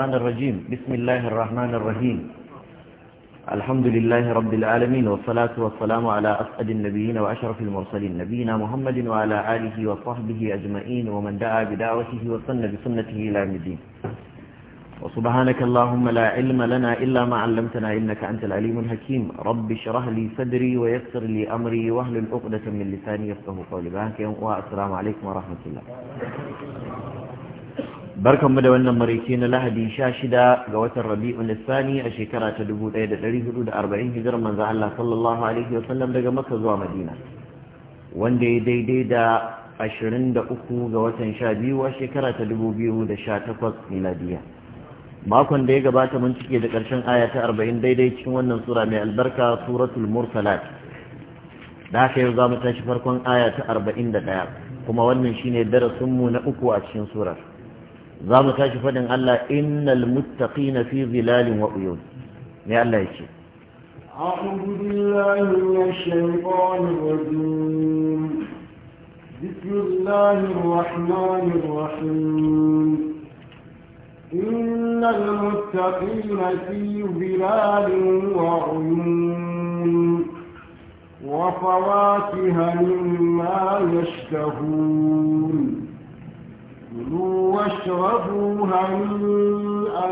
الرحمن الرجيم بسم الله الرحمن الرحيم الحمد لله رب العالمين والصلاة والسلام على أسعد النبيين وأشرف المرسلين نبينا محمد وعلى آله وصحبه أجمعين ومن دعا بدعوته وسن بسنته إلى الدين وسبحانك اللهم لا علم لنا إلا ما علمتنا إنك أنت العليم الحكيم رب اشرح لي صدري ويسر لي أمري وأهل عقدة من لساني يفقه قولي بانك والسلام عليكم ورحمة الله barkanmu da wannan maraice na lahadi sha shida ga watan rabi'u lissani a shekara ta dubu ɗaya da ɗari hudu da arba'in hijirar manzo Allah sallallahu alaihi wa sallam daga Makka zuwa Madina wanda ya daidai da ashirin da uku ga watan sha biyu a shekara ta dubu biyu da sha takwas miladiya makon da ya gabata mun cike da ƙarshen aya ta arba'in daidai cikin wannan sura mai albarka suratul mursalat da haka yau za mu tashi farkon aya ta arba'in da ɗaya kuma wannan shine darasinmu na uku a cikin surar zamu tashi fadin Allah innal muttaqina fi zilalin wa uyun ne Allah yake إن المتقين في ظلال وعيون وفواكه مما يشتهون كُلُوا وَاشْرَبُوا هَنِيئًا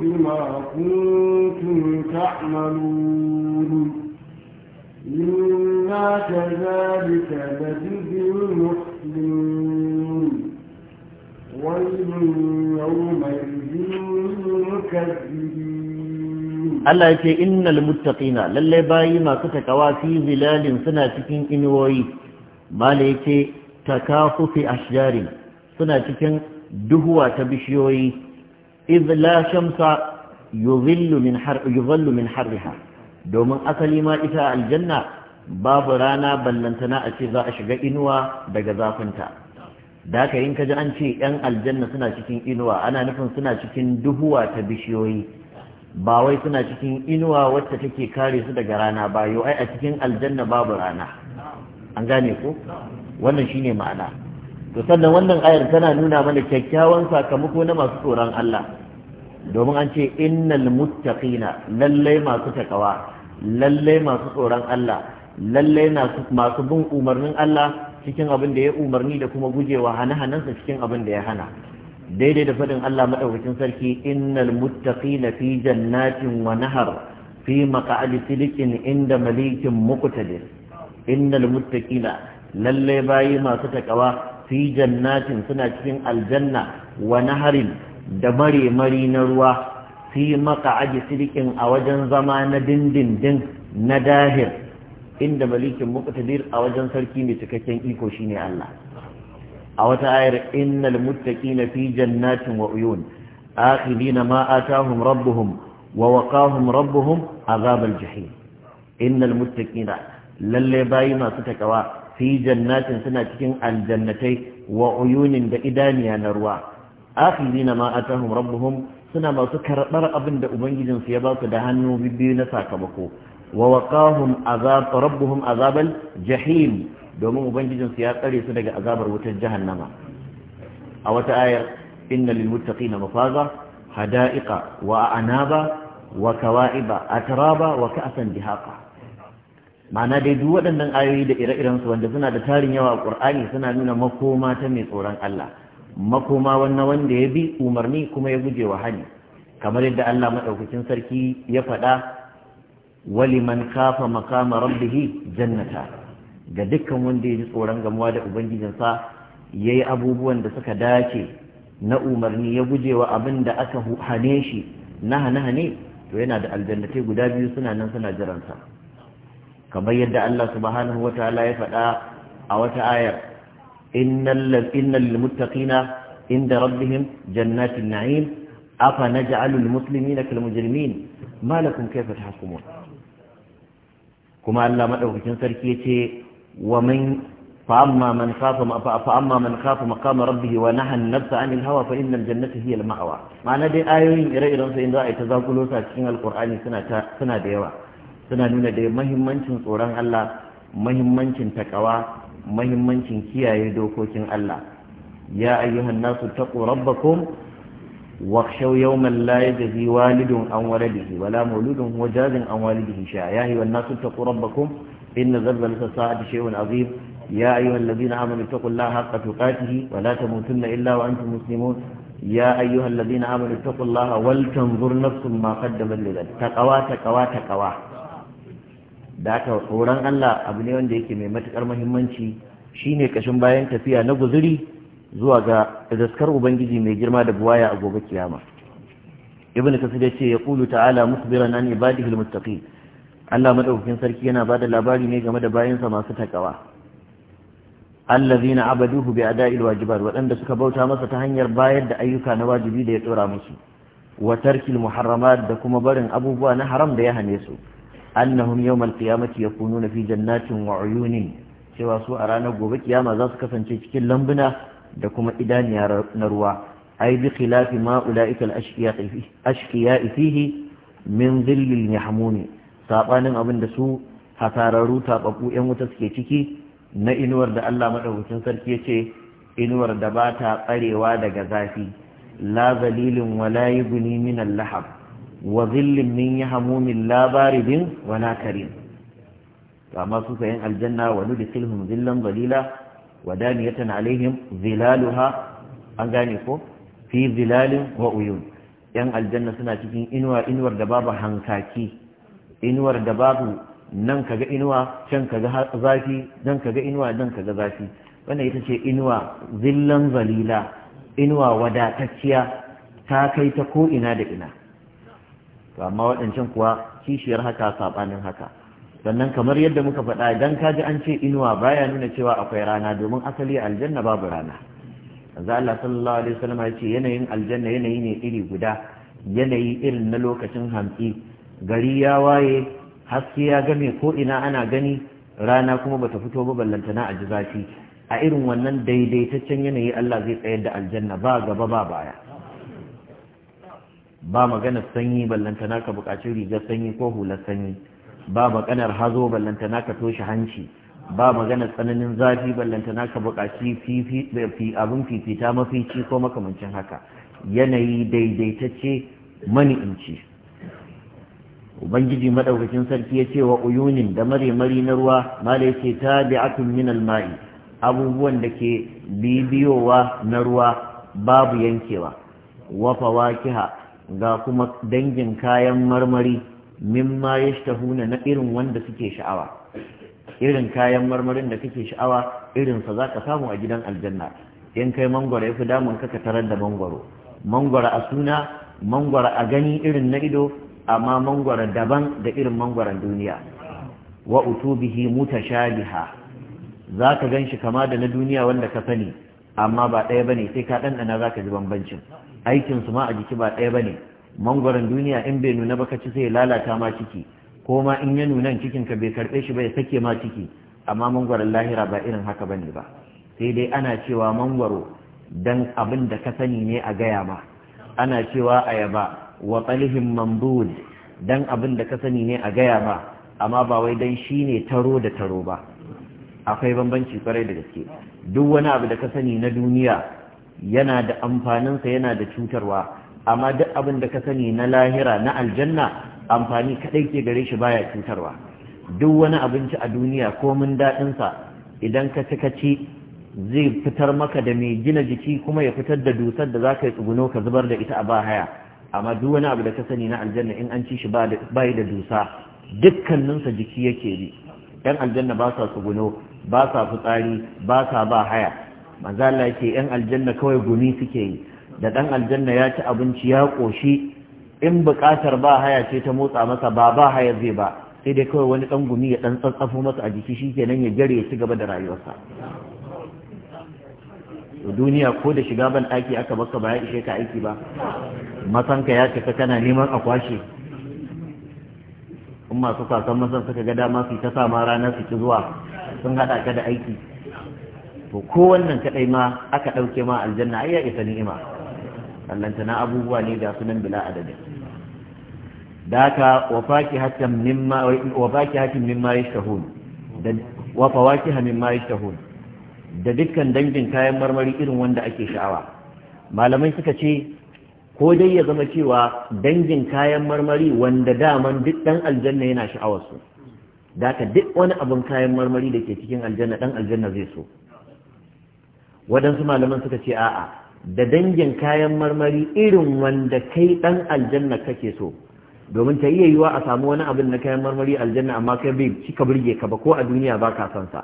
بِمَا كُنتُمْ تَعْمَلُونَ إِنَّا كَذَلِكَ نَجْزِي الْمُحْسِنِينَ وَيْلٌ يَوْمَئِذٍ لِلْمُكَذِّبِينَ Allah ya ce innal muttaqina lalle bayi masu takawa fi zilalin suna cikin inuwoyi mala ya ce takafufi ashjarin suna cikin duhuwa ta bishiyoyi iz la shamsa yuzillu min har min harriha domin asali ma ita aljanna babu rana ballantana a ce za a shiga inuwa daga zafinta da ka in kaji an ce yan aljanna suna cikin inuwa ana nufin suna cikin duhuwa ta bishiyoyi ba wai suna cikin inuwa wacce take kare su daga rana ba yau ai a cikin aljanna babu rana an gane ko wannan shine ma'ana to sannan wannan ayar tana nuna mana kyakkyawan sakamako na masu tsoron Allah domin an ce innal muttaqina lallai masu takawa lallai masu tsoron Allah lallai masu bin umarnin Allah cikin abin da ya umarni da kuma gujewa hane-hanensa cikin abin da ya hana daidai da faɗin Allah maɗaukacin sarki innal muttaqina fi jannatin wa nahar fi maq'adi silikin inda malikin muqtadir innal muttaqina lalle bayi masu takawa fi jannatin suna cikin aljanna wa naharin da mare mari na ruwa fi maka sirikin a wajen zama na dindindin na dahir inda malikin muqtadir a wajen sarki mai cikakken iko shine Allah a wata ayar innal muttaqina fi jannatin wa uyun akhidina ma atahum rabbuhum ووقاهم ربهم عذاب الجحيم إن المتقين للي باي masu ستكوا fi jannatin suna cikin aljannatai wa uyunin da idaniya na ruwa akhirina ma atahum rabbuhum suna masu karɓar abin da ubangijinsu ya ba su da hannu biyu na sakamako wa waqahum azab rabbuhum azabal jahim domin ubangijinsu ya tsare su daga azabar wutar jahannama a wata ayar inna lil na mafaza hada'iqa wa anaba wa kawa'iba ataraba wa ka'san dihaqa ma'ana dai duk waɗannan ayoyi da ire-iren su wanda suna da tarin yawa a ƙur'ani suna nuna makoma ta mai tsoron Allah makoma wannan wanda ya bi umarni kuma ya guje wa hani kamar yadda Allah madaukakin sarki ya faɗa waliman kafa makama rabbihi jannata ga dukkan wanda ya ji tsoron gamuwa da ubangijinsa ya yi abubuwan da suka dace na umarni ya guje wa abin da aka hane shi na hane-hane to yana da aljannatai guda biyu suna nan suna jiransa kamar yadda Allah subhanahu wataala ya faɗa a wata ayar innal innal muttaqina inda rabbihim jannatin na'im afa naj'alu al-muslimina kal mujrimin ma lakum kayfa tahkumun kuma Allah madaukakin sarki yace wa man fa amma man khafa fa amma man khafa maqama rabbih wa naha an-nafsa 'anil hawa fa innal jannata hiya al-ma'wa ma'ana dai ayoyin ire-iren su inda ai ta zakulo sa cikin alqur'ani suna suna da yawa suna nuna da mahimmancin tsoron Allah mahimmancin takawa mahimmancin kiyaye dokokin Allah ya ayyuhan nasu taqu rabbakum wa khshaw yawman la yajzi walidun an waladihi wala mawludun huwa jazin an walidihi sha ya ayyuhan nasu taqu rabbakum inna zalzal sa'ati shay'un azim ya ayyuhal ladina amanu taqullaha haqqa tuqatihi wa la tamutunna illa wa antum muslimun ya ayyuhal ladina amanu taqullaha wal tanzur nafsum ma qaddamat lighad taqwa taqwa taqwa da aka tsoron Allah abu ne wanda yake mai matukar muhimmanci shine kashin bayan tafiya na guzuri zuwa ga zaskar ubangiji mai girma da buwaya a gobe kiyama ibn kasir yace ya qulu ta'ala musbiran an ibadihi almuttaqin Allah madaukakin sarki yana bada labari ne game da bayansa masu takawa allazina abaduhu bi ada'il wajibat waɗanda suka bauta masa ta hanyar bayar da ayyuka na wajibi da ya tsora musu wa tarkil muharramat da kuma barin abubuwa na haram da ya hane su annahum yawmal qiyamati yakununa fi jannatin wa uyunin cewa su a ranar gobe kiyama za su kasance cikin lambuna da kuma idaniya na ruwa ai bi khilafi ma ulaika al-ashqiya fihi min dhillil mahmuni sabanin abin da su hasararru tababbu yan wuta suke ciki na inuwar da Allah madaukakin sarki yace inuwar da ba ta karewa daga zafi la zalilin wala yubni min al-lahab wa zillin min ya la baridin wala karim to amma su sayan aljanna wa nudkhilhum zillan zalila wa daniyatan alaihim zilaluha an gane ko fi zilalin wa uyun yan aljanna suna cikin inuwa inuwar da babu hankaki inuwar da babu nan kaga inuwa can kaga zafi nan kaga inuwa nan kaga zafi wannan ita ce inuwa zillan zalila inuwa wadatacciya ta kai ta ko ina da ina to amma waɗancan kuwa kishiyar haka saɓanin haka sannan kamar yadda muka faɗa idan ka ji an ce inuwa baya nuna cewa akwai rana domin asali aljanna babu rana yanzu Allah sallallahu alaihi wasallam ya ce yanayin aljanna yanayi ne iri guda yanayi irin na lokacin hantsi gari ya waye haske ya game ko ina ana gani rana kuma bata fito ba ballantana a ji zafi a irin wannan daidaitaccen yanayi Allah zai tsayar da aljanna ba gaba ba baya ba maganar sanyi na ka buƙaci rigar sanyi ko hular sanyi ba maganar hazo na ka toshe hanci ba maganar tsananin zafi na ka buƙaci abin fifita mafici ko makamancin haka yanayi daidaitacce mani'inci ubangiji madaukakin sarki ya ce wa uyunin da mare-mari na ruwa mala ta bi tabi'atun min mai abubuwan da ke bibiyowa na ruwa babu yankewa wa fawakiha ga kuma dangin kayan marmari min mimma ya na irin wanda suke sha'awa irin kayan marmarin da kake sha'awa irinsa za ka samu a gidan aljanna in kai mangwaro ya fi damun ka tarar da mangwaro mangwara a suna mangwaro a gani irin na ido amma mangwara daban da irin mangwaron duniya wa utubihi mutashabiha za ka gan shi kama da na duniya wanda ka sani amma ba ɗaya ba ne sai ka ɗanɗana za ka ji bambancin aikin su ma a jiki ba ɗaya bane mangwaron duniya in bai nuna ba ka ci sai lalata ma ciki ko ma in ya nuna cikin ka bai karɓe shi ya sake ma ciki amma mangwaron lahira ba irin haka bane ba sai dai ana cewa mangwaro dan abin da ka sani ne a gaya ma ana cewa ayaba wa qalihim mamdud dan abin da ka sani ne a gaya ma amma ba wai dan shine taro da taro ba akwai bambanci kwarai da gaske duk wani abu da ka sani na duniya yana da amfaninsa yana da cutarwa amma duk abin da ka sani na lahira na aljanna amfani kadai ke gare shi baya cutarwa duk wani abinci a duniya komin daɗinsa idan ka ci ka ci zai fitar maka da mai gina jiki kuma ya fitar da dusar da za ka yi tsuguno ka zubar da ita a ba haya amma duk wani abu da ka sani na aljanna in an ci shi ba da dusa dukkaninsa jiki yake bi yan aljanna ba sa tsuguno ba sa fitsari ba sa ba haya manzo Allah yan aljanna kawai gumi suke yi da ɗan aljanna ya ci abinci ya koshi in buƙatar ba haya ce ta motsa masa ba ba haya zai ba sai dai kawai wani dan gumi ya dan tsatsafo masa a jiki shikenan ya gare ya ci gaba da rayuwarsa duniya ko da shiga ban ɗaki aka baka ba ya ishe ka aiki ba masanka ya tafi kana neman a kwashe in masu kasan masan suka ga dama su ta sama rana su ki zuwa sun hada ka da aiki to ko wannan kadai ma aka ɗauke ma aljanna ai ya isa ni'ima allanta na abubuwa ne ga sunan bila adadin daka wa fakihatan mimma wa fakihatin mimma yashtahun da wa fawakiha mimma yashtahun da dukkan dangin kayan marmari irin wanda ake sha'awa malamai suka ce ko dai ya zama cewa dangin kayan marmari wanda daman duk dan aljanna yana sha'awarsu daka duk wani abun kayan marmari da ke cikin aljanna dan aljanna zai so waɗansu malaman suka ce a'a da dangin kayan marmari irin wanda kai ɗan aljanna kake so domin ta iya yiwa a samu wani abin na kayan marmari aljanna amma kai bai cika burge ka ba ko a duniya ba ka son sa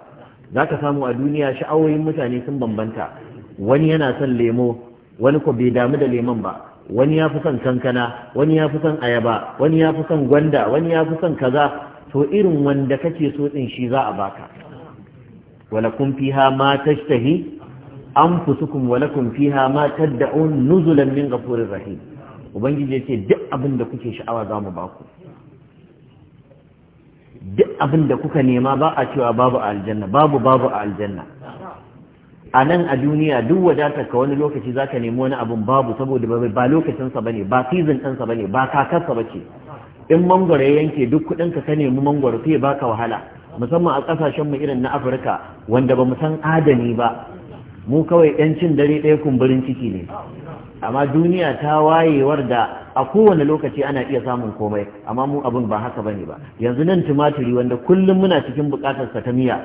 za ka samu a duniya sha'awoyin mutane sun bambanta wani yana son lemo wani ko bai damu da lemon ba wani ya fi son kankana wani ya fi son ayaba wani ya fi son gwanda wani ya fi son kaza to irin wanda kake so din shi za a baka wala kun fiha ma tashtahi anfusukum wa lakum fiha ma tad'un nuzulan min ghafurir rahim ubangiji yace duk abin da kuke sha'awa za mu baku duk abin da kuka nema ba a cewa babu a aljanna babu babu a aljanna a nan a duniya duk wadatar ka wani lokaci za ka nemi wani abin babu saboda ba lokacinsa ba ne ba season ɗinsa ba ne ba kakarsa ba ce in mangwaro ya yanke duk kuɗin ka nemi mangwaro sai baka wahala musamman a mu irin na afirka wanda ba mu san adani ba mu kawai yancin dare ɗaya kumburin ciki ne amma duniya ta wayewar da a kowane lokaci ana iya samun komai amma mu abin ba haka bane ba yanzu nan tumaturi wanda kullum muna cikin bukatar sa ta miya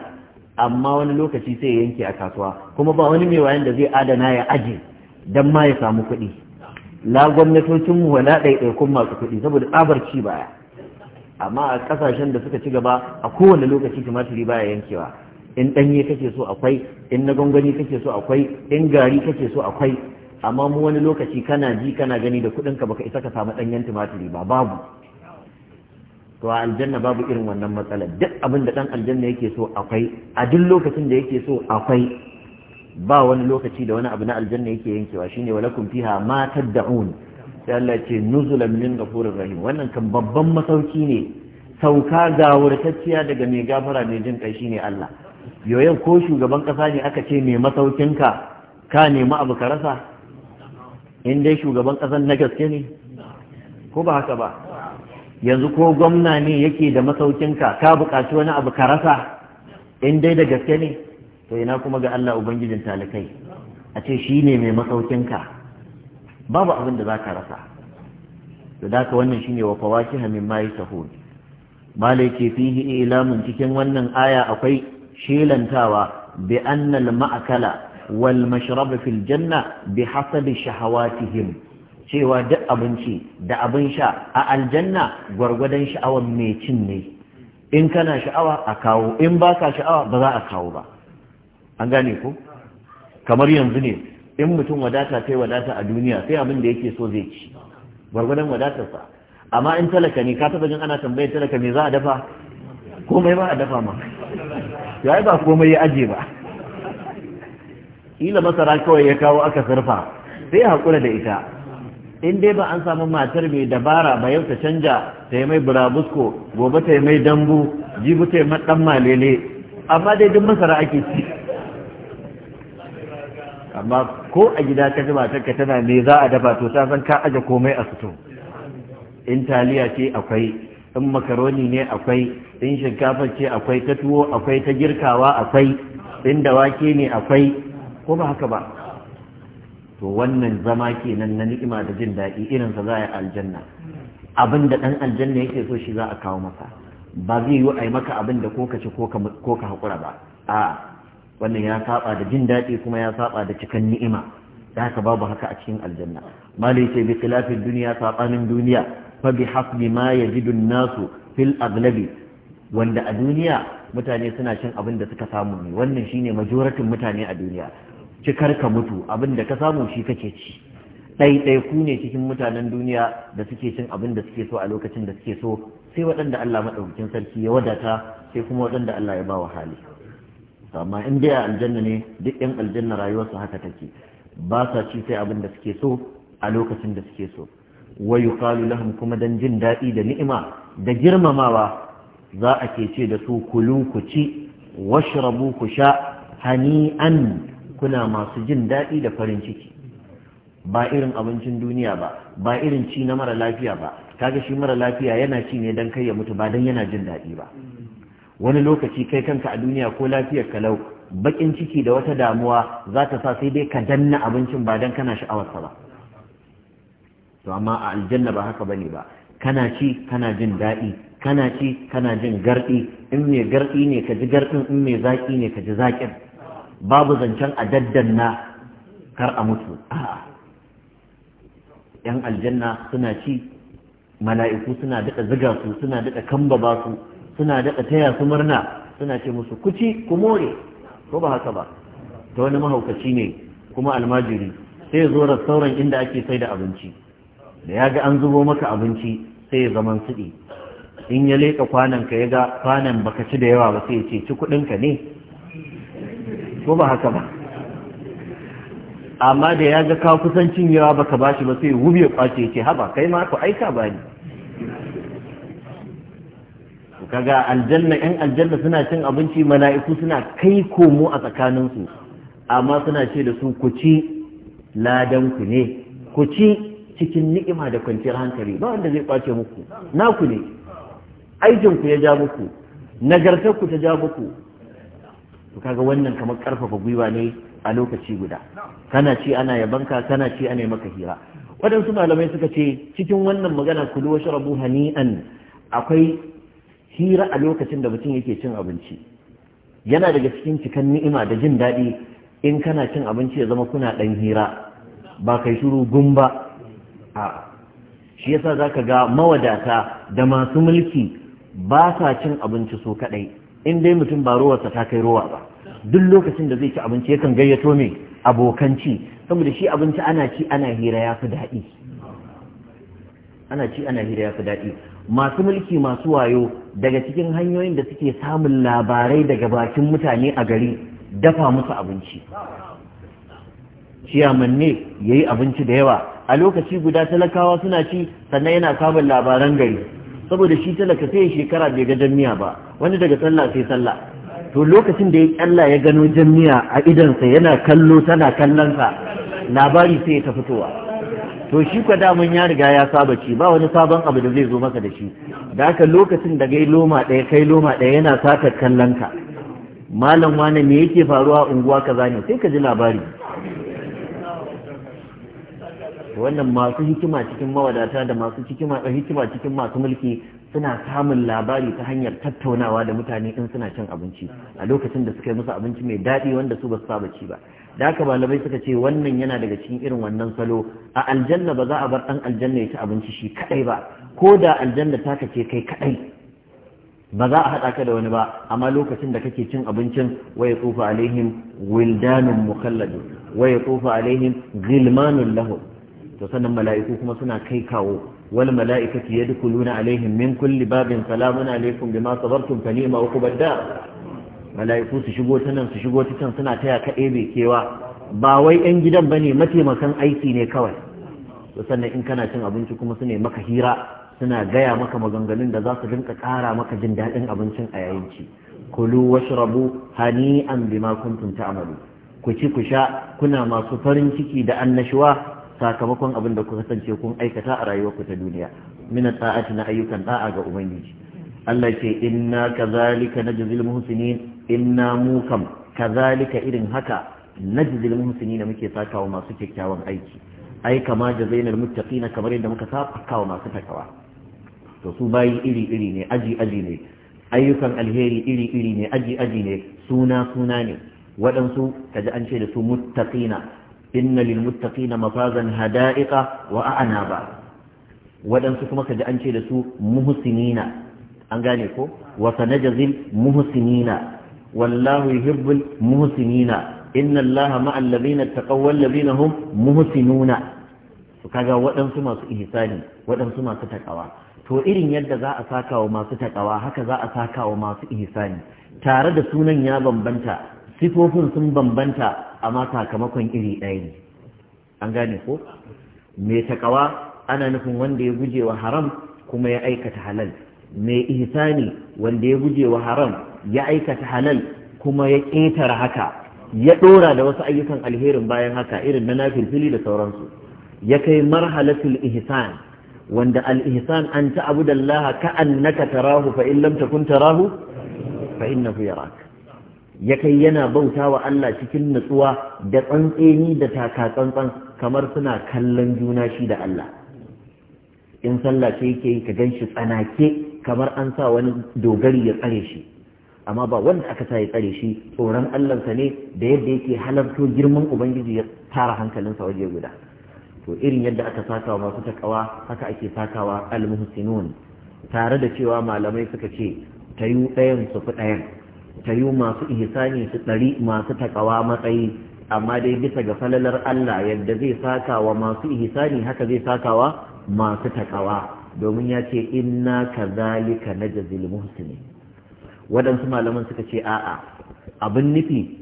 amma wani lokaci sai ya yanke a kasuwa kuma ba wani mai wayan da zai adana ya aje dan ma ya samu kuɗi la gwamnatocin mu wala ɗaiɗaikun masu kuɗi saboda tsabar ci baya amma a kasashen da suka ci gaba a kowane lokaci tumaturi baya yankewa in ɗanye kake so akwai in na gwangwani kake so akwai in gari kake so akwai amma mu wani lokaci kana ji kana gani da kuɗin ka baka isa ka samu ɗanyen tumatiri ba babu to a aljanna babu irin wannan matsalar duk abin da ɗan aljanna yake so akwai a duk lokacin da yake so akwai ba wani lokaci da wani abu na aljanna yake yankewa shine walakum fiha ma tad'un sai Allah ce nuzulan min ghafurir rahim wannan kan babban masauki ne sauka gawurtacciya daga mai gafara mai jin kai shine Allah yoyon ko shugaban kasa ne aka ce mai masaukinka ka nemi abu ka rasa in shugaban kasan na gaske ne ko ba haka ba yanzu ko gwamna ne yake da masaukinka ka buƙaci wani abu ka rasa in da gaske ne to ina kuma ga Allah ubangijin talikai a ce shi ne mai masaukinka babu abin da za ka rasa to da ka wannan shine wa hamin mai yasahun malai ke fihi ilamun cikin wannan aya akwai Shilantawa bi annal ma'akala wal mashraba fil janna bi hasabi shahawatihim cewa duk abinci da abin sha a aljanna gwargwadon sha'awar mai cin ne in kana sha'awa a kawo in ba ka sha'awa ba za a kawo ba an gane ko kamar yanzu ne in mutum wadata sai wadata a duniya sai abin da yake so zai ci gwargwadon wadatarsa amma in talaka ne ka taba jin ana tambayar talaka me za a dafa komai ba a dafa ma ya ba komai ya aje ba Ƙila masara kawai ya kawo aka sarfa, sai haƙura da ita in dai ba an samu matar mai dabara ba yau ta canja ta yi mai burabusko gobe ta yi mai dambu jibi ta yi maɗan malele amma dai duk masara ake ci amma ko a gida ka ji matarka tana me za a dafa to ta san ka aje komai a fito in taliya ce akwai in makaroni ne akwai in shinkafar ce akwai ta tuwo akwai ta girkawa akwai in dawake ne akwai ko ba haka ba to wannan zama kenan na ni'ima da jin daɗi irinsa za a yi aljanna abin da ɗan aljanna yake so shi za a kawo masa ba zai yi a yi maka abin da ko ka ci ko ka haƙura ba a wannan ya saba da jin daɗi kuma ya saba da cikin ni'ima da haka babu haka a cikin aljanna malai ce bi khilafin duniya sabanin duniya fa bi hasbi ma yajidu nasu fil aglabi wanda a duniya mutane suna cin abin da suka samu ne wannan shine majoratin mutane a duniya cikar ka mutu abin da ka samu shi kake ci dai ku ne cikin mutanen duniya da suke cin abin da suke so a lokacin da suke so sai waɗanda Allah maɗaukakin sarki ya wadata sai kuma waɗanda Allah ya ba wa hali amma in dai aljanna ne duk yan aljanna rayuwarsu haka take ba sa ci sai abin da suke so a lokacin da suke so wa yuqalu lahum kuma dan jin daɗi da ni'ima da girmamawa za a ke ce da su kulu ku ci washrabu ku sha hani'an kuna masu jin daɗi da farin ciki ba irin abincin duniya ba ba irin ci na mara lafiya ba kaga shi mara lafiya yana ci ne dan kai ya mutu ba dan yana jin daɗi ba wani lokaci kai kanka a duniya ko lafiyar kalau bakin ciki da wata damuwa za ta sa sai dai ka danna abincin ba dan kana sha'awarsa ba to amma a aljanna ba haka bane ba kana ci kana jin daɗi kana ci kana jin garɗi in mai garɗi ne ka ji garɗin in mai zaƙi ne ka ji zaƙin babu zancen a na kar a mutu a'a yan aljanna suna ci mala'iku suna daɗa ziga su suna daɗa ba su suna daɗa taya su murna suna ce musu kuci ku more ko ba haka ba ta wani mahaukaci ne kuma almajiri sai zo sauran inda ake sai da abinci da ya ga an zubo maka abinci sai ya zaman suɗi in ya leƙa kwananka ya ga kwanan baka ci da yawa ba sai ya ce ci kuɗinka ne ko ba haka ba amma da ya ga kawo kusancin yawa baka ba shi ba sai wubi ya kwace ya ce haba kai ma ku aika ba ne kaga aljanna yan aljanna suna cin abinci mala'iku suna kai komo a tsakaninsu amma suna ce da su ku ci ladanku ne ku ci cikin ni'ima da kwanciyar hankali ba wanda zai kwace muku naku ne aikinku ya ja muku nagartarku ta ja muku to kaga wannan kamar karfafa gwiwa ne a lokaci guda kana ci ana ka kana ci ana maka hira waɗansu malamai suka ce cikin wannan magana kulu wa sharabu hani'an akwai hira a lokacin da mutum yake cin abinci yana daga cikin cikan ni'ima da jin daɗi in kana cin abinci ya zama kuna ɗan hira ba kai shiru gumba. a'a shi yasa zaka ga mawadata da masu mulki ba sa cin abinci so kadai in dai mutum ba rowarsa ta kai rowa ba duk lokacin da zai ci abinci yakan gayyato mai abokanci, saboda shi abinci ana ci ana hira ya fi daɗi ana ci ana hira ya fi daɗi masu mulki masu wayo daga cikin hanyoyin da suke samun labarai daga bakin mutane a gari dafa musu abinci ciyaman yayi ya yi abinci da yawa a lokaci guda talakawa suna ci sannan yana kamun labaran gari saboda shi talaka sai shekara bai ga jamiya ba wani daga sallah sai sallah to lokacin da ya kalla ya gano jamiya a idansa yana kallo tana kallonsa labari sai ta fitowa to shi kwa damun ya riga ya saba ci ba wani sabon abu da zai zo maka da shi da haka lokacin da gai loma ɗaya kai loma ɗaya yana saka kallonka malam wani me yake faruwa unguwa kaza ne sai ka ji labari wannan masu hikima cikin mawadata da masu hikima cikin masu mulki suna samun labari ta hanyar tattaunawa da mutane in suna cin abinci a lokacin da suka yi musu abinci mai daɗi wanda su ba su saba ci ba da haka malamai suka ce wannan yana daga cikin irin wannan salo a aljanna ba za a bar ɗan aljanna ya ci abinci shi kaɗai ba ko da aljanna ta kace kai kaɗai ba za a haɗa ka da wani ba amma lokacin da kake cin abincin waya tsufa alaihim wildanun mukalladu waya tsufa alaihim zilmanun lahum to sannan mala'iku kuma suna kai kawo wal mala'ikati yadkhuluna alaihim min kulli babin salamun alaikum bima sabartum fa ni'ma uqbad mala'iku su shigo ta nan su shigo ta can suna taya ka ebe kewa ba wai 'yan gidan ba ne mataimakan aiki ne kawai sannan in kana cin abinci kuma su ne maka hira suna gaya maka maganganun da za su rinka kara maka jin daɗin abincin a yayin ci kulu washrabu hani'an bima kuntum ta'malu ku ci ku sha kuna masu farin ciki da annashuwa sakamakon abin da kuka kasance kun aikata a rayuwarku ta duniya min ta'ati na ayyukan da'a ga ubangiji Allah ce inna kazalika najzil muhsinin inna mu kazalika irin haka najzil muhsinin muke sakawa masu kyakkyawan aiki ai kama jazainal muttaqina kamar yadda muka saka masu takawa to su bayi iri iri ne aji aji ne ayyukan alheri iri iri ne aji aji ne suna suna ne waɗansu kaji an ce da su muttaqina inna lil muttaqina mafazan hada'iqa wa a'naba waɗansu kuma kaji an ce da su muhsinina an gane ko wa sanajzil muhsinina wallahu yuhibbul muhsinina inna allaha ma'al ladina taqaw wal ladina hum muhsinuna to kaga waɗansu masu ihsani waɗansu masu takawa to irin yadda za a saka wa masu takawa haka za a saka wa masu ihsani tare da sunan ya bambanta sifofin sun bambanta amma sakamakon iri ɗaya ne an gane ko mai takawa ana nufin wanda ya guje wa haram kuma ya aikata halal mai ihsani wanda ya guje wa haram ya aikata halal kuma ya ƙetara haka ya ɗora da wasu ayyukan alherin bayan haka irin na nafilfili da sauransu ya kai marhalatul ihsan wanda al-ihsan an ta'budallaha ka'annaka tarahu fa in lam takun tarahu fa innahu yarak ya kai yana bauta wa Allah cikin nutsuwa da tsantseni da taka tsantsan kamar suna kallon juna shi da Allah in sallah ce yake yi ka ganshi tsanake kamar an sa wani dogari ya tsare shi amma ba wanda aka sa ya tsare shi tsoron Allahnsa ne da yadda yake halarto girman ubangiji ya tara hankalinsa waje guda to irin yadda aka sakawa masu takawa haka ake sakawa al tare da cewa malamai suka ce tayu ɗayan su fi ɗayan ta yi masu ihsani su ɗari masu takawa matsayi amma dai bisa ga falalar Allah yadda zai sakawa masu ihsani haka zai sakawa masu takawa domin ya ce inna na Jazil muhsini waɗansu malaman suka ce a'a abin nufi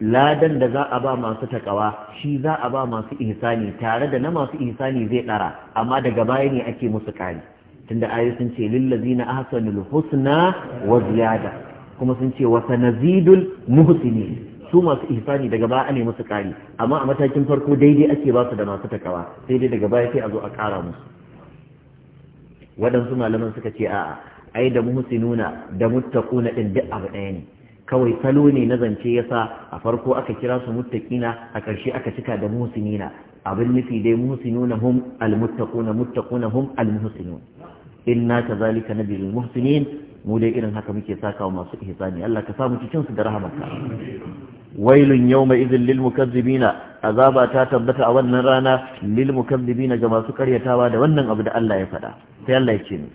ladan da za a ba masu takawa shi za a ba masu ihsani tare da na masu ihsani zai ɗara amma daga baya ne ake musu ƙari tunda ayoyi sun ce lillazina ahsanul husna wa ziyada kuma sun ce wasa nazidul muhsini su masu ihsani daga baya ne musu kari amma a matakin farko daidai ake ba su da masu takawa sai dai daga baya sai a zo a kara musu waɗansu malaman suka ce a'a ai da muhsinuna da muttaquna din duk abu ɗaya ne kawai salo ne na zance yasa a farko aka kira su muttaqina a ƙarshe aka cika da muhsinina abin nufi dai muhsinuna hum almuttaquna muttaquna hum almuhsinun inna kadhalika najzil muhsinin mu dai irin haka muke saka wa masu ihsani Allah ka samu cikin su da rahamarka wailun yawma idhil lil mukazzibina azaba ta tabbata a wannan rana lil mukazzibina ga masu karyatawa da wannan abu da Allah ya faɗa sai Allah ya ce ni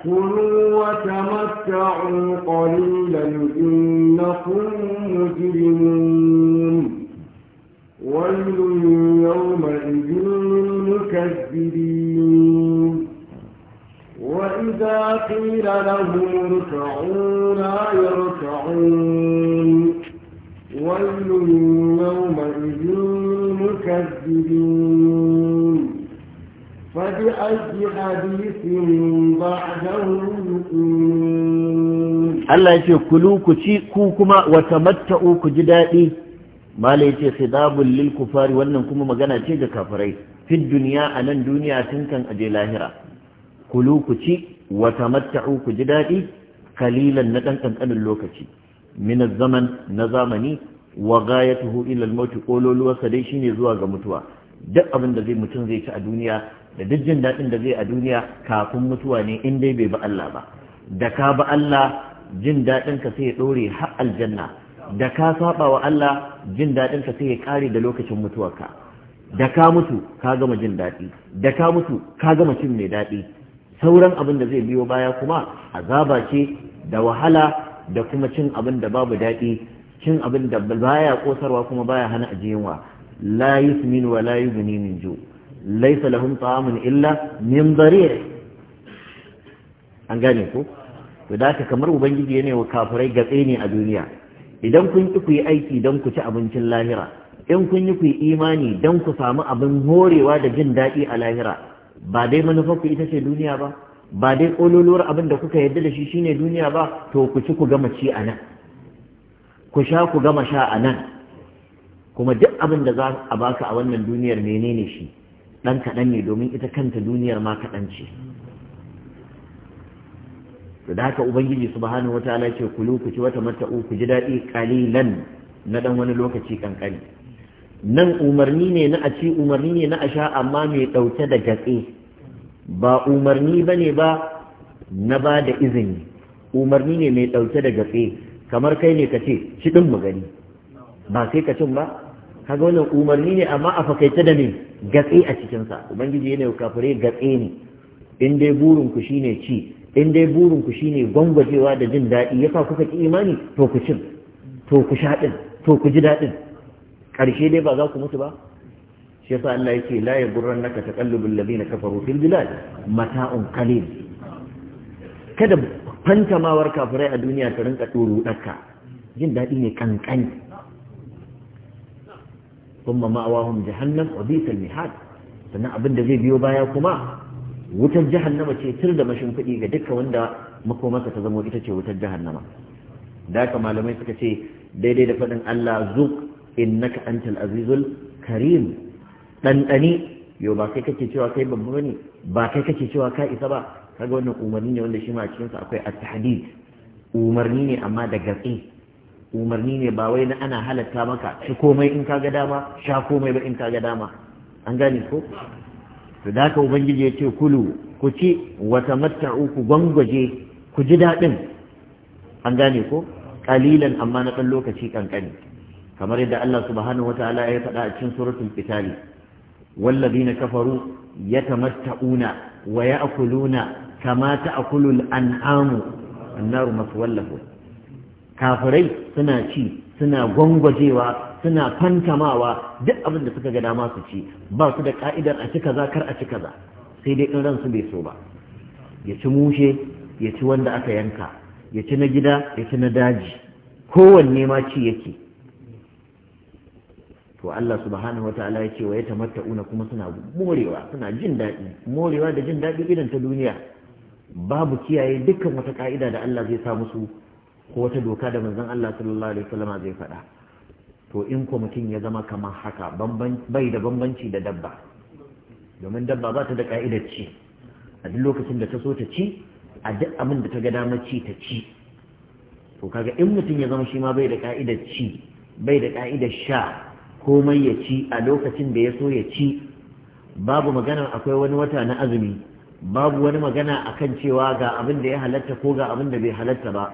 كلوا وتمتعوا قليلا إنكم مجرمون ويل يومئذ للمكذبين Kuwa idan zai hira nuhu, yanka sun yi ra'ayoyin su. Wannan zan yi ma'aikati, ko ce ku lu'u ku ci ko kuma wasa mata uku ji daɗi. Malami ce sai za mu lili wannan kuma magana ce ga kafarai fin duniya a nan duniya tun kan aje lahira. kulu ku ci wata matta'u ku ji daɗi kalilan na ɗan lokaci min zaman na zamani wa gayatuhu ila al-maut kololuwarsa dai shine zuwa ga mutuwa duk abin da zai mutum zai ci a duniya da duk jin daɗin da zai a duniya kafin mutuwa ne in dai bai ba Allah ba da ka ba Allah jin daɗin ka sai ya ɗore har aljanna da ka saba wa Allah jin daɗin ka sai ya kare da lokacin mutuwarka da ka mutu ka gama jin daɗi da ka mutu ka gama cin mai daɗi sauran abin da zai biyo baya kuma azaba ce da wahala da kuma cin abin da babu daɗi cin abin da baya kosarwa kuma baya hana ajiyinwa la yusmin wa la yughni min ju laysa lahum ta'amun illa min darir an gane ko to da haka kamar ubangiji yana wa kafirai gatse ne a duniya idan kun ki ku yi aiki don ku ci abincin lahira in kun yi ku yi imani don ku samu abin horewa da jin daɗi a lahira ba dai manufarku ita ce duniya ba ba dai ƙololuwar abin da kuka yarda da shi shine duniya ba to ku ci ku gama ci a nan ku sha ku gama sha a nan kuma duk abin da za a baka a wannan duniyar menene shi ɗan kaɗan ne domin ita kanta duniyar ma kaɗan ce da haka ubangiji subhanahu wataala ce kulu ku ci wata mata'u ku ji daɗi ƙalilan na ɗan wani lokaci ƙanƙani nan umarni ne na a ci umarni ne na a sha amma mai ɗauke da gatse ba umarni ba ne ba na ba da izini umarni ne mai ɗauke da gatse kamar kai ne ka ce ci ɗin mu gani ba sai ka cin ba kaga wannan umarni ne amma a fakaita da ne gatse a cikinsa ubangiji yana kafure gatse ne in dai burin ku shine ci in dai burin ku shine gwangwajewa da jin daɗi ya sa kuka ki imani to ku cin to ku sha ɗin to ku ji daɗin ƙarshe dai ba za ku mutu ba shi yasa Allah yake la yagurrannaka taqallubul ladina kafaru fil bilad mata'un qalil kada fantamawar kafirai a duniya ta rinka tsoro daka jin dadi ne kankan. kuma ma'awahum jahannam wa bisal mihad sannan abin da zai biyo baya kuma wutar jahannama ce tir da mashin kuɗi ga dukkan wanda makomarsa ta zamo ita ce wutar jahannama da haka malamai suka ce daidai da faɗin Allah zuk innaka antal azizul karim ɗanɗani yau ba kai kake cewa kai babba bane ba kai kake cewa ka isa ba kaga wannan umarni ne wanda shi ma cikin sa akwai at-tahdid umarni ne amma da gatsi umarni ne ba wai na ana halatta maka shi komai in kaga dama sha komai ba in kaga dama an gane ko to da ka ubangiji ya ce kulu ku ci wata tamatta'u ku gwangwaje ku ji daɗin an gane ko kalilan amma na ɗan lokaci kankani kamar yadda Allah subhanahu wataala ya faɗa a cikin suratul qitali والذين كفروا يتمتعون ويأكلون كما تأكل الأنعام an'amu مثوى wallafi. kafirai suna ci suna gwangwajewa suna fantamawa duk abin da suka ga dama su ci ba su da ka'idar a ci kaza kar a ci kaza sai dai in ransu bai so ba ya ci mushe ya ci wanda aka yanka ya ci na gida ya ci na daji kowanne ma ci yake to Allah subhanahu wataala ya ce wa yatamatta'una kuma suna morewa suna jin daɗi morewa da jin daɗi irin ta duniya babu kiyaye dukkan wata ka'ida da Allah zai sa musu ko wata doka da manzon Allah sallallahu alaihi wasallam zai faɗa to in ko mutum ya zama kamar haka bai da bambanci da dabba domin dabba ba ta da ka'idar ci a duk lokacin da ta so ta ci a duk abin da ta ga dama ci ta ci to kaga in mutum ya zama shi ma bai da ka'idar ci bai da ka'idar sha komai ya ci a lokacin da ya so ya ci babu magana akwai wani wata na azumi babu wani magana akan cewa ga abin da ya halatta ko ga abin da bai halatta ba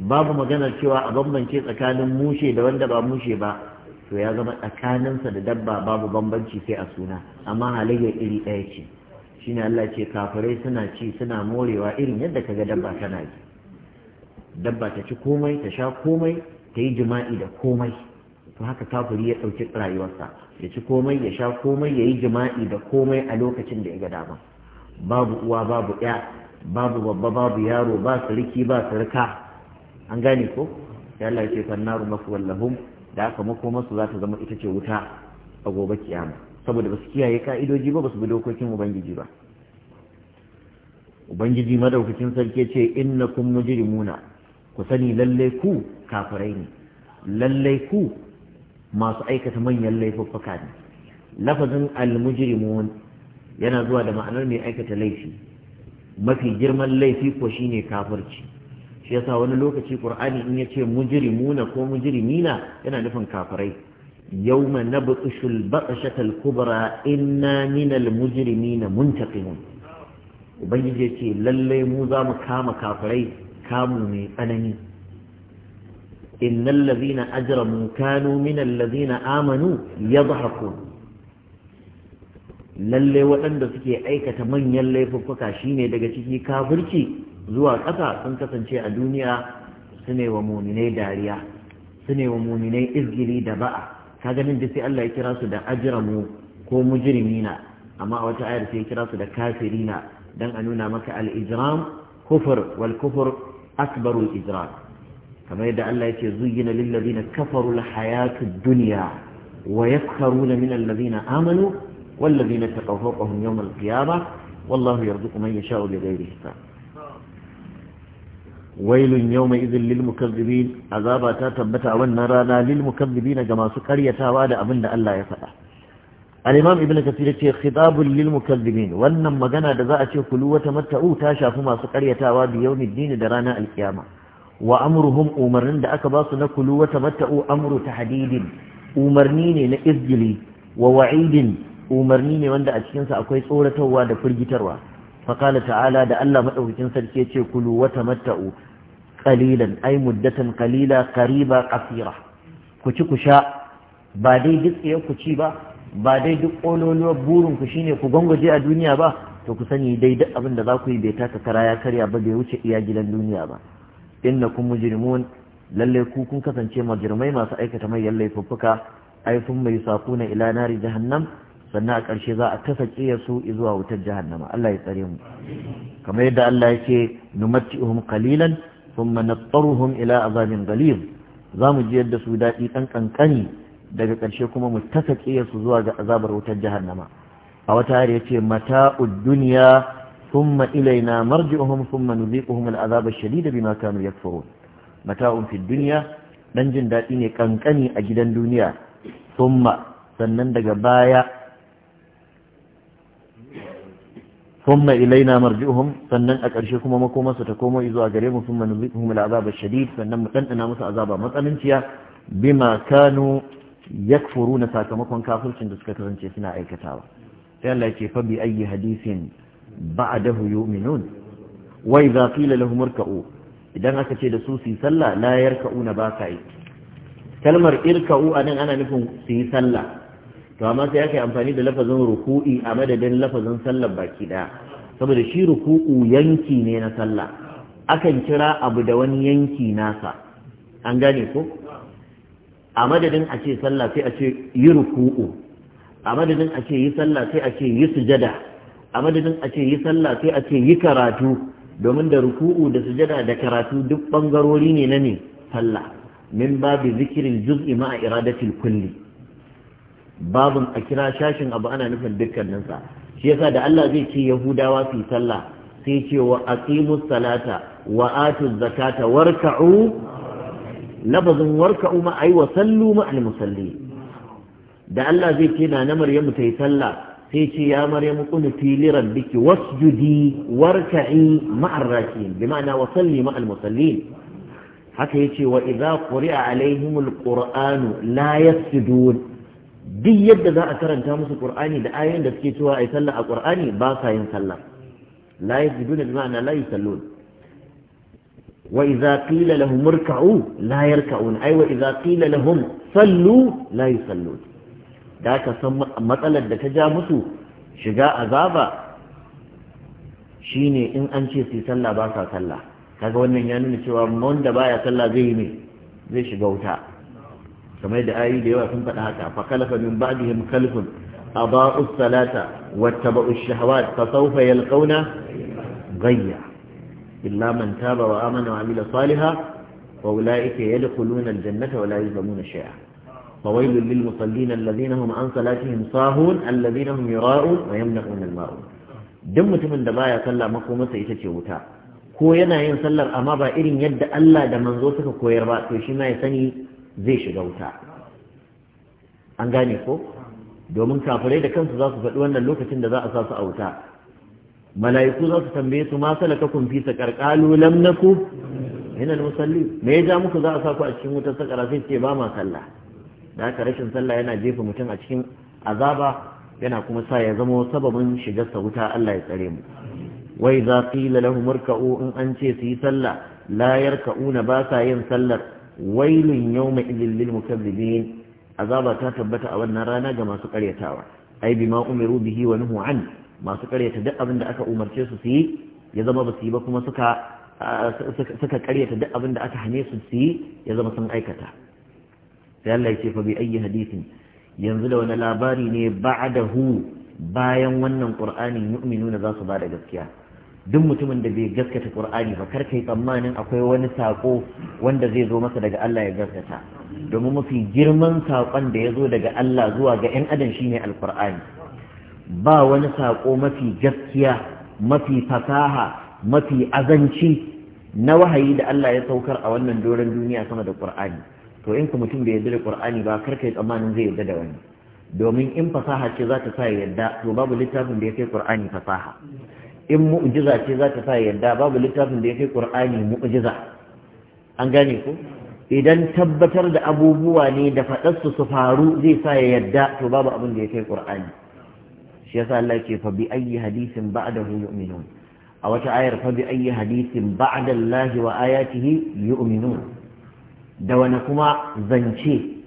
babu maganar cewa a bambance tsakanin mushe da wanda ba mushe ba to ya zama tsakaninsa da dabba babu bambanci sai a suna amma halayyar iri ɗaya ce shine Allah ce kafirai suna ci suna morewa irin yadda ka ga dabba tana ji dabba ta ci komai ta sha komai ta yi jima'i da komai to haka kafiri ya ɗauki rayuwarsa ya ci komai ya sha komai ya yi jima'i da komai a lokacin da ya ga dama babu uwa babu ya babu babba babu yaro ba sarki ba sarka an gane ko ya Allah ce kan naru da aka mako masu za ta zama ita ce wuta a gobe kiyama saboda ba su kiyaye ka'idoji ba ba su bi dokokin ubangiji ba ubangiji madaukakin sarki ce innakum mujrimuna ku sani lalle ku kafirai ne lalle ku masu aikata manyan laifuffuka ne lafazin almujrimun yana zuwa da ma'anar mai aikata laifi mafi girman laifi ko shine kafirci shi yasa wani lokaci qur'ani in yace mujrimuna ko mujrimina yana nufin kafirai yawma nabtishul batshatal kubra inna minal mujrimina muntaqimun ubangiji yace lalle mu za mu kama kafirai kamu mai tsanani إن الذين أجرموا كانوا من الذين آمنوا يضحكون lalle waɗanda suke aikata manyan laifuffuka shine daga ciki kafirci zuwa ƙasa sun kasance a duniya su ne wa muminai dariya su ne wa muminai izgili da ba'a ka ganin da sai Allah ya kira su da ajramu ko na amma a wata ayar sai ya kira su da kafirina dan a nuna maka al-ijram kufur wal kufur akbarul ijram kamar yadda Allah yake zuyyina lil ladina kafaru al hayatud dunya wa yafkharuna min alladhina amanu wal ladina taqaw fawqahum yawm al qiyamah wallahu yarzuqu man yasha'u bi hisab wailun yawma idhil lil mukazzibin azaba ta tabbata wannan rana lil mukazzibin ga masu karyatawa da abin da Allah ya faɗa al-imam ibnu kathir yace khitabul lil mukazzibin wannan magana da za a ce kulu wata mata'u ta shafi masu karyatawa bi yawmid din da ranar alkiyama wa amruhum umarnin da aka ba su na kulu wata mata'u amru ta hadidin umarni ne na izgili wa wa'idin umarni ne wanda a cikinsa akwai tsoratarwa da firgitarwa faƙala ta'ala da Allah maɗaukakin sarki ce kulu wata mata'u ƙalilan ai muddatan ƙalila ƙariba ƙasira ku ci ku sha ba dai duk tsaye ku ci ba ba dai duk ƙololuwar burin ku shine ku gwangwaje a duniya ba to ku sani dai duk abin da za ku yi bai taka kara ya karya ba bai wuce iya gidan duniya ba innakum mujrimun lalle ku kun kasance mujrimai masu aikata manyan laifuffuka ai sun mai sakuna ila nari jahannam sannan a ƙarshe za a tasa su zuwa wutar jahannama Allah ya tsare mu kamar yadda Allah yake numatti'uhum qalilan thumma nattaruhum ila azabin ghalib za mu ji yadda su daɗi ɗan ƙanƙani daga ƙarshe kuma mu tasa su zuwa ga azabar wutar jahannama a wata ya ce mata'ud duniya ثم إلينا مرجعهم ثم نذيقهم العذاب الشديد بما كانوا يكفرون متاع في الدنيا ننجن داتين كنكني أجدا دنيا ثم سنندق بايا ثم إلينا مرجعهم سنن أكرشكم ومكوما ستكوموا إذو أقريموا ثم نذيقهم العذاب الشديد سنن متنئنا مسا عذابا متأمنتيا بما كانوا يكفرون ساكمكم كافر سندسكتغن سنا أي كتاب يلا كيف بأي حديث ba'dahu yu'minun wa idza qila lahum irka'u idan aka ce da su su yi sallah la yarka'una ba ka yi kalmar irka'u anan ana nufin su yi sallah to amma sai aka amfani da lafazin ruku'i a madadin lafazin sallar baki daya saboda shi ruku'u yanki ne na sallah akan kira abu da wani yanki nasa an gane ko a madadin a ce sallah sai a ce yi ruku'u a madadin a ce yi sallah sai a ce yi sujada a madadin a ce yi sallah sai a ce yi karatu domin da ruku'u da sujada da karatu duk bangarori ne na ne sallah min babu zikirin juz'i ma'a iradatil kulli babun a kira shashin abu ana nufin dukkaninsa shi yasa da Allah zai ce yahudawa su sallah sai ce wa aqimus salata wa atuz zakata warka'u lafazin warka'u ma ai wa sallu ma al musalli da Allah zai ce na na Maryamu ta yi sallah sai ce ya maryamu qunuti li rabbiki wasjudi warka'i ma'ar rakin bi ma'ana wa salli ma'al musallin haka yace wa idza quri'a alaihimul qur'anu la yasjudun duk yadda za a karanta musu qur'ani da ayoyin da suke cewa ai sallah a qur'ani ba sa yin sallah la yasjudun bi ma'ana la yusallun wa idza qila lahum irka'u la yarka'un ay wa idza qila lahum sallu la yusallun da ka san matsalar da ta ja musu shiga azaba shine in an ce su sallah ba sa sallah kaga wannan ya nuna cewa wanda baya sallah zai yi ne zai shiga wuta kamar da ayi da yawa sun faɗa haka fa khalafa min ba'dihim khalfun aba'u salata wattaba'u ash-shahawat fa sawfa yalqawna ghayya illa man taba wa amana wa amila salihan wa ulaika yadkhuluna al wa la yuzlamuna shay'a فويل للمصلين الذين هم عن صلاتهم ساهون الذين هم يراءون ويمنعون الماءون duk mutumin da baya sallah makomarsa ita ce wuta ko yana yin sallar amma ba irin yadda Allah da manzo suka koyar ba to shi ma ya sani zai shiga wuta an gane ko domin kafirai da kansu za su faɗi wannan lokacin da za a sa su a wuta mala'iku za su tambaye su ma salakakum fi saqar qalu lam naku musalli me ya ja muku za a sa ku a cikin wutar saqara sai ce ba ma sallah da rashin sallah yana jefa mutum a cikin azaba yana kuma sa ya zama sababin sa wuta Allah ya tsare mu wai za qila lahum murka'u in an ce su yi sallah la yarka'una ba sa yin sallar wailun yawma idhil lil mukazzibin azaba ta tabbata a wannan rana ga masu karyatawa ai bima umiru bihi wa nuhu an masu karyata duk abin da aka umarce su su yi ya zama ba su yi ba kuma suka suka karyata duk abin da aka hane su su yi ya zama sun aikata sai Allah ya ce fa bi hadithin yanzu da wani labari ne ba'dahu bayan wannan qur'anin yu'minuna za su da gaskiya duk mutumin da bai gaskata qur'ani ba kar kai tsammanin akwai wani sako wanda zai zo masa daga Allah ya gaskata domin mafi girman sakon da ya zo daga Allah zuwa ga 'yan adam shine alqur'ani ba wani sako mafi gaskiya mafi fasaha mafi azanci na wahayi da Allah ya saukar a wannan doron duniya sama da qur'ani to in ka mutum bai yarda da qur'ani ba kar ka yi tsammanin zai yarda da wani domin in fasaha ce za ta sa yarda to babu littafin da ya kai qur'ani fasaha in mu'jiza ce za ta sa yarda babu littafin da ya kai qur'ani mu'jiza an gane ku? idan tabbatar da abubuwa ne da faɗar su faru zai sa ya yarda to babu abin da ya kai qur'ani shi yasa Allah ce fa bi ayyi hadisin ba'dahu yu'minun a wata ayar fa bi ayyi hadisin ba'da Allah wa ayatihi yu'minun da wani kuma zance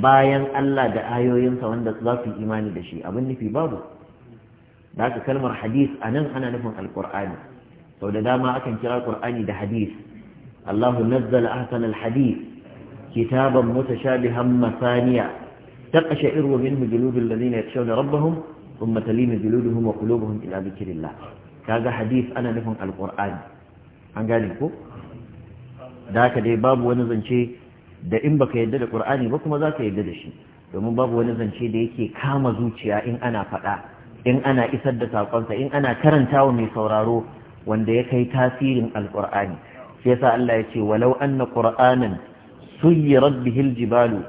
bayan Allah da ayoyinsa wanda za su imani da shi abin nufi babu da aka kalmar hadis a nan ana nufin alkur'ani sau da dama akan kira alkur'ani da hadis Allahu nazzala ahsan alhadis kitaban mutashabihan masaniya تقشعر منه جلود الذين يخشون ربهم ثم تلين جلودهم وقلوبهم إلى ذكر الله hadis ana nufin لهم An gane ذلك da haka dai babu wani zance da in baka yadda da ƙur'ani? ba kuma ka yadda da shi domin babu wani zance da yake kama zuciya in ana faɗa in ana isar da sakonsa in ana karantawa mai sauraro wanda ya kai tasirin Alƙur'ani. shi yasa Allah ya ce walau anna qur'anan suyirat bihil jibalu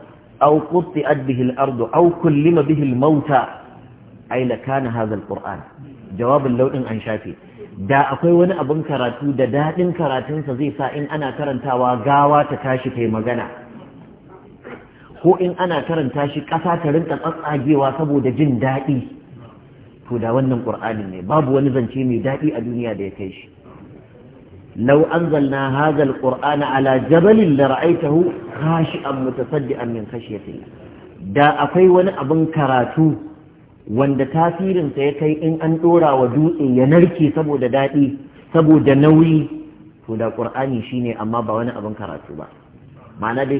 aw qutti'at bihil ardu aw kullima bihil mauta ay lakana hadha alqur'an jawab al an shafe. da akwai wani abin karatu da daɗin karatunsa zai sa in ana karantawa gawa ta tashi kai magana ko in ana karanta shi ƙasa ta rinka tsatsagewa saboda jin daɗi to da wannan ƙur'anin ne babu wani zance mai daɗi a duniya da ya kai shi لو أنزلنا هذا القرآن على جبل لرأيته خاشئا متصدئا من خشية الله da akwai wani abin karatu wanda tasirinsa ya kai in an ɗora wa dutse ya narke saboda daɗi saboda nauyi to da ƙur'ani shine amma ba wani abin karatu ba ma'ana dai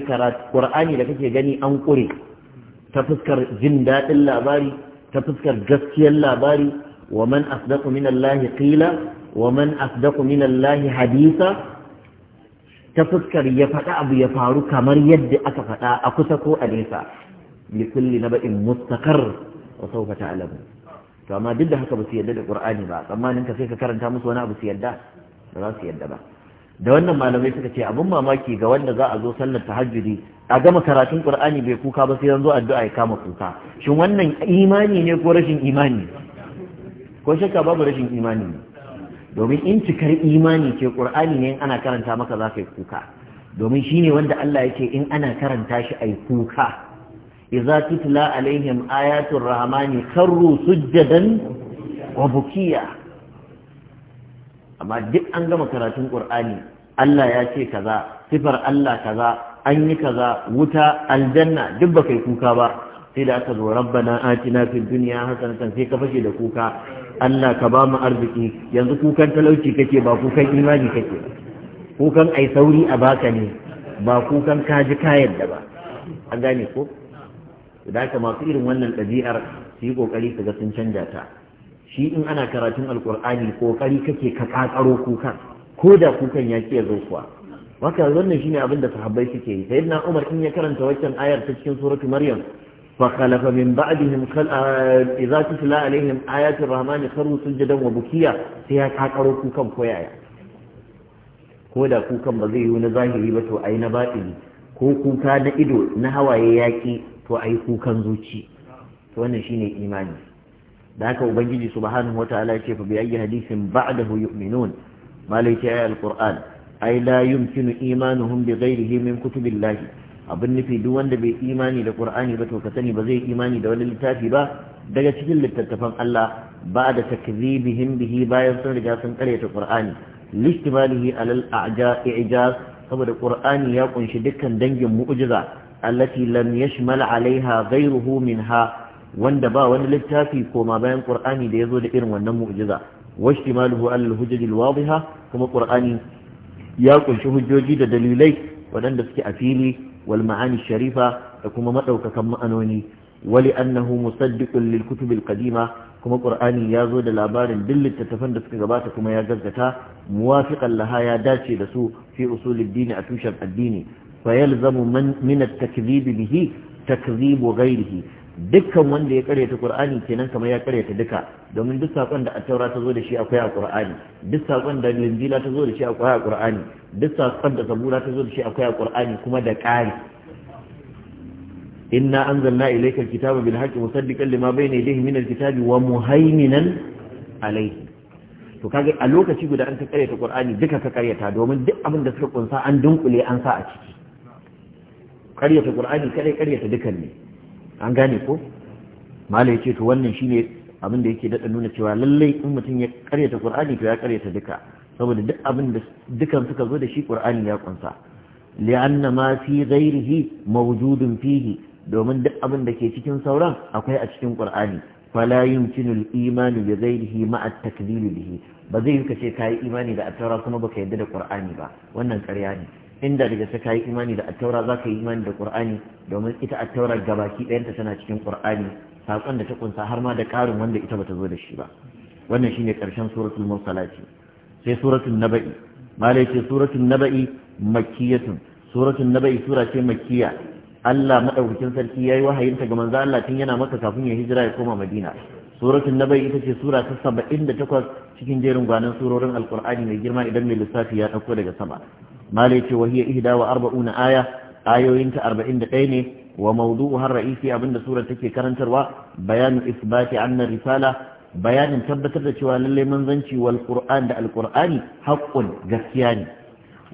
ƙur'ani da kake gani an ƙure ta fuskar jin daɗin labari ta fuskar gaskiyar labari wa man asdaqu min Allah qila wa man asdaqu min Allah hadisa ta fuskar ya faɗa abu ya faru kamar yadda aka faɗa a kusa ko a nesa li kulli naba'in mustaqar wa sawfa ta'lamu to amma duk da haka ba su yadda da qur'ani ba tsammanin ka sai ka karanta musu wani abu su yadda ba za su yadda ba da wannan malamai suka ce abin mamaki ga wanda za a zo sallar tahajjudi a gama karatun qur'ani bai kuka ba sai yanzu addu'a ya kama kuka shin wannan imani ne ko rashin imani ko shakka babu rashin imani ne domin in cikar imani ce qur'ani ne ana karanta maka za ka yi kuka domin shine wanda Allah yake in ana karanta shi ai kuka idza tutla alaihim ayatul rahmani karru sujjadan wa bukiya amma duk an gama karatun qur'ani Allah ya ce kaza sifar Allah kaza an yi kaza wuta aljanna duk ba kuka ba sai da aka zo rabbana atina fid dunya hasanatan sai ka fashe da kuka Allah ka ba mu arziki yanzu kukan talauci kake ba kukan imani kake kukan ai sauri a baka ne ba kukan kaji kayan da ba an gane ko da ka masu irin wannan ɗabi'ar su yi ƙoƙari su ga sun canja ta shi in ana karatun alƙur'ani ƙoƙari kake ka ƙaƙaro kukan ko da kukan ya ce zo kuwa maka wannan shine abin da sahabbai suke yi sayyidina umar in ya karanta waccan ayar ta cikin suratu maryam fa khalafa min ba'dihim khal idza tutla alaihim ayatu rahmani kharu sujadan wa bukiya sai ya ƙaƙaro kukan ko yaya ko da kukan ba zai yi na zahiri ba to ai na batini ko kuka na ido na hawaye yaƙi to a yi kukan zuci to wannan shine imani da haka ubangiji subhanahu wataala ce fa bi ayyi hadisin ba'dahu yu'minun malai ce ayat alquran ai la yumkinu imanuhum bi ghairihi min kutubillahi abin nufi duk wanda bai imani da qur'ani ba to ka sani ba zai imani da wani littafi ba daga cikin littattafan Allah ba da takzibihim bihi bayan sun riga sun karyata qur'ani lishtimalihi alal a'ja i'jaz saboda qur'ani ya kunshi dukkan dangin mu'jiza allati lam yashmal alaiha min ha wanda ba wani littafi koma bayan qur'ani da yazo da irin wannan mu'jiza washtimaluhu ala al-hujaj al-wadhiha kuma qur'ani ya kunshi hujjoji da dalilai waɗanda suke a fili wal ma'ani sharifa da kuma madaukakan ma'anoni wali annahu musaddiqun lil kutub al qadima kuma qur'ani ya zo da labarin duk littattafan da suka gabata kuma ya gaggata muwafiqan laha ya dace da su fi usulid dini a tushen addini فيلزم من من التكذيب به تكذيب غيره dukkan wanda ya karyata Qur'ani kenan kamar ya karyata duka domin duk sakon da Attaura ta zo da shi akwai a Qur'ani duk sakon da Injila ta zo da shi akwai a Qur'ani duk sakon da Zabura ta zo da shi akwai a Qur'ani kuma da ƙari inna anzalna ilayka alkitaba bil haqqi musaddiqan lima bayna yadayhi min alkitabi wa muhaiminan alayhi to kage a lokaci guda an ka karyata Qur'ani duka ka karyata domin duk abin da suka kunsa an dunkule an sa a ciki ƙaryata qur'ani kadai ƙaryata dukan ne an gane ko malai ce to wannan shine abin da yake dada nuna cewa lallai in mutum ya ƙaryata qur'ani to ya ƙaryata duka saboda duk abin da dukan suka zo da shi qur'ani ya kunsa li'anna ma fi ghairihi mawjudun fihi domin duk abin da ke cikin sauran akwai a cikin qur'ani fala yumkinu al-iman bi ghairihi ma at-takdhib bihi ba zai yi kace yi imani da at kuma baka yadda da qur'ani ba wannan ƙarya ne inda daga sai ka yi imani da attaura za ka yi imani da ƙur'ani domin ita attaura gabaki ɗayanta tana cikin ƙur'ani saƙon da ta ƙunsa har ma da ƙarin wanda ita bata zo da shi ba wannan shine ƙarshen suratul mursalati sai suratul naba'i malai ce suratul naba'i makkiyatun suratul naba'i sura ce makkiya Allah madaukakin sarki yayi wahayinta ga manzo Allah tun yana maka kafin ya hijira ya koma Madina suratul naba'i ita ce sura ta 78 cikin jerin gwanan surorin alqur'ani mai girma idan mai lissafi ya dauko daga sama malai ce wahiyar ihda arba'u na aya ayoyinta arba'in da ɗaya ne wa maudu'u har ra'isi abinda surar take karantarwa bayanin isbati anna risala bayanin tabbatar da cewa lallai manzanci wal qur'an da alkur'ani haqqun gaskiya ne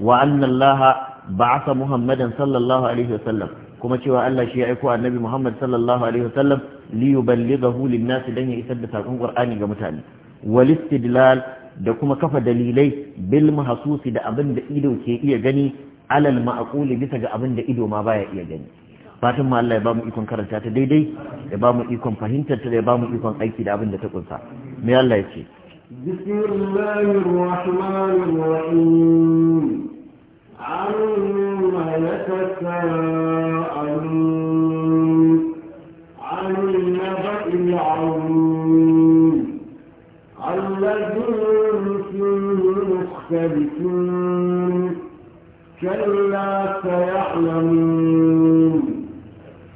wa anna allaha ba'atha muhammadan sallallahu alaihi wa kuma cewa Allah shi ya aiko annabi Muhammad sallallahu alaihi wasallam li yuballighahu lin dan ya isar da sakon Qur'ani ga mutane wal istidlal da kuma kafa dalilai bil mahsusi da abin da ido ke iya gani alal ma'quli bisa ga abin da ido ma baya iya gani fatan ma Allah ya bamu ikon karanta ta daidai ya bamu ikon fahimtar ta ya bamu ikon aiki da abin da ta kunsa me Allah ya ce bismillahir rahmanir rahim تحسبتون كلا سيعلمون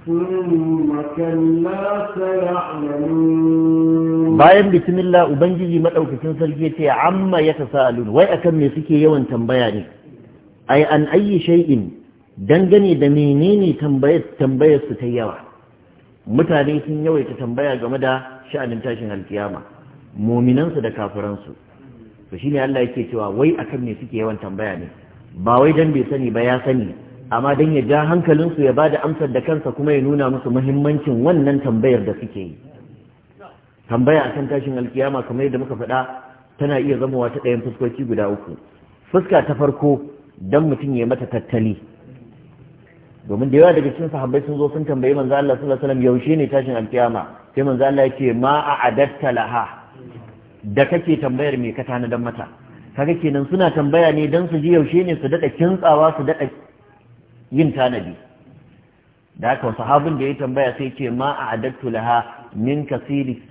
ثم كلا سيعلمون bayan bismillah ubangiji madaukakin sarki yace amma ya wai akan me suke yawan tambaya ne ai an ayi shay'in dangane da menene tambayar tambayar su ta yawa mutane sun yawaita tambaya game da sha'anin tashin alkiyama muminansu da kafiransu to shine Allah yake cewa wai akan me suke yawan tambaya ne ba wai dan bai sani ba ya sani amma dan ya ja hankalin su ya bada amsar da kansa kuma ya nuna musu muhimmancin wannan tambayar da suke yi tambaya akan tashin alkiyama kamar yadda muka faɗa tana iya zamowa ta ɗayan fuskoki guda uku fuska ta farko dan mutum ya mata tattali domin da yawa daga cikin sahabbai sun zo sun tambayi manzo Allah sallallahu alaihi wasallam yaushe ne tashin alkiyama sai manzo Allah yake ma a'adatta laha da kake tambayar me ka tanadan mata kaga kenan suna tambaya ne don su ji yaushe ne su daɗa kintsawa su daɗa yin tanadi da haka sahabin da ya tambaya sai ce ma a adattu laha min kasiri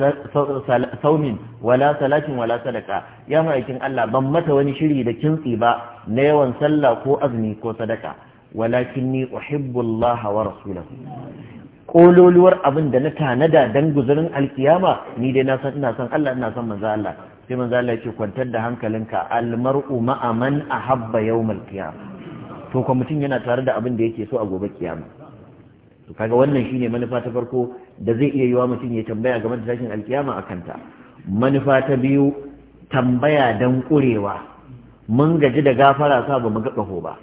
saumin wala salatin wala sadaka ya ma'aikin Allah ban mata wani shiri da kintsi ba na yawan sallah ko azumi ko sadaka walakin ni uhibbu Allah wa rasulahu kololuwar abin da na tanada don guzurin alkiyama ni dai na san ina san Allah ina san manzo Allah sai manzo Allah yake kwantar da hankalinka almar'u ma'a man ahabba yawmal qiyamah to kuma mutum yana tare da abin da yake so a gobe kiyama to kaga wannan shine manufa ta farko da zai iya yiwa mutum ya tambaya game da tashin alkiyama a kanta manufa ta biyu tambaya dan kurewa mun gaji da gafara sa ba mu ga ba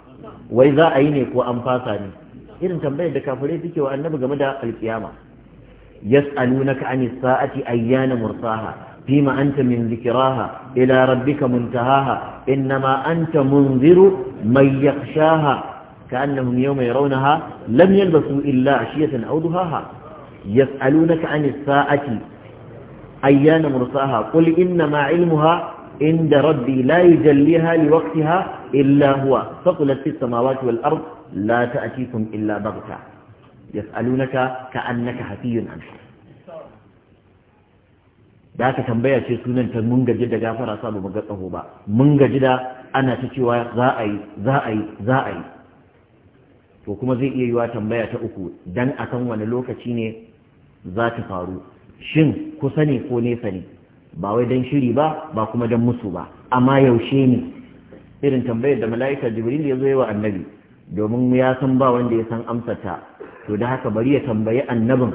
wai za a yi ne ko an fasa ne irin tambayar da kafirai suke wa annabi game da alkiyama yas'alunaka an sa'ati ayyana mursaha fima anta min zikraha ila rabbika muntahaha innama anta munziru man yakhshaha ka'annahum yawma yarawnaha lam yalbasu illa ashiyatan aw duhaha yas'alunaka an sa'ati ayyana mursaha qul innama ilmuha inda rabbi la yujalliha liwaqtiha illa huwa faqulat fis samawati wal ardh la تأتيكم illa بغتا يسألونك كأنك hafiyun an da aka tambaya ce sunanta ta mun gaji da gafara sa ba ga tsaho ba mun gaji da ana ta cewa za a yi za a yi za a yi to kuma zai iya yiwa tambaya ta uku dan akan wani lokaci ne za ta faru shin kusa ne ko nesa ne ba wai dan shiri ba ba kuma dan musu ba amma yaushe ne irin tambayar da Malaikar jibril ya zo yi wa annabi domin mu ya san ba wanda ya san amsa ta, to da haka bari ya tambayi annabin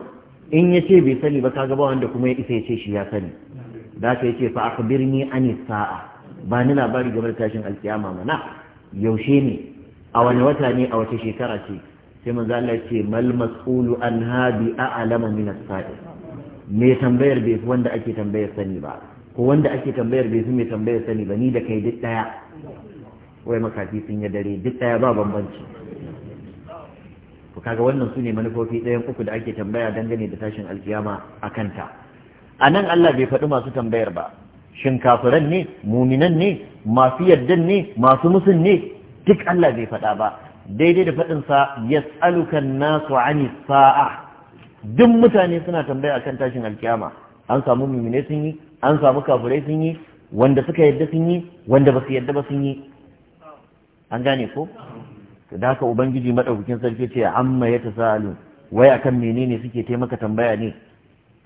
in ya ce bai sani ba ka ga ba wanda kuma ya isa ya ce shi ya sani da haka ya ce fa akhbirni ani sa'a ba ni labari game da tashin alkiyama mana yaushe ne a wani wata ne a wata shekara ce sai manzo Allah ce mal mas'ulu an hadi a'lamu min as sai me tambayar bai wanda ake tambayar sani ba ko wanda ake tambayar bai fi me tambayar sani ba ni da kai duk daya wai makafi sun yi dare duk ɗaya ba bambanci to kaga wannan su ne manufofi ɗayan uku da ake tambaya dangane da tashin alkiyama a kanta a nan Allah bai faɗi masu tambayar ba shin kafiran ne muminan ne masu yardan ne masu musun ne duk Allah bai faɗa ba daidai da faɗinsa tsalukan nasu ani sa'a duk mutane suna tambaya akan tashin alkiyama an samu mumine sun yi an samu kafurai sun yi wanda suka yadda sun yi wanda ba su yadda ba sun yi an gane ko to da haka ubangiji madaukakin sarki ce amma ya tasalu wai akan menene suke taimaka tambaya ne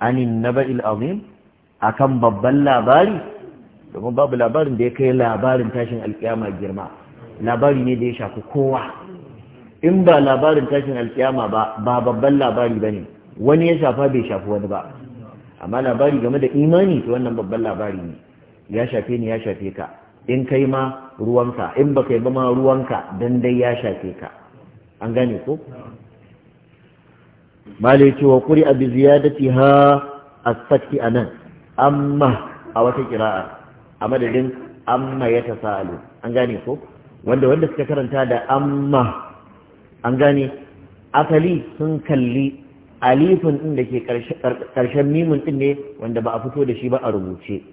anin naba'il azim akan babban labari domin babu labarin da ya kai labarin tashin alkiyama girma labari ne da ya shafi kowa in ba labarin tashin alkiyama ba ba babban labari ba ne wani ya shafa bai shafi wani ba amma labari game da imani to wannan babban labari ne ya shafe ni ya shafe ka in kai ma ruwanka in baka yi ba ma ruwanka dan dai ya shafe ka an gane ko malai cewa kuri abu ziyadati ha asfatti a nan amma a wata kira'a a madadin amma ya ta sa'alu an gane ko wanda wanda suka karanta da amma an gane asali sun kalli alifin din da ke karshen mimin din ne wanda ba a fito da shi ba a rubuce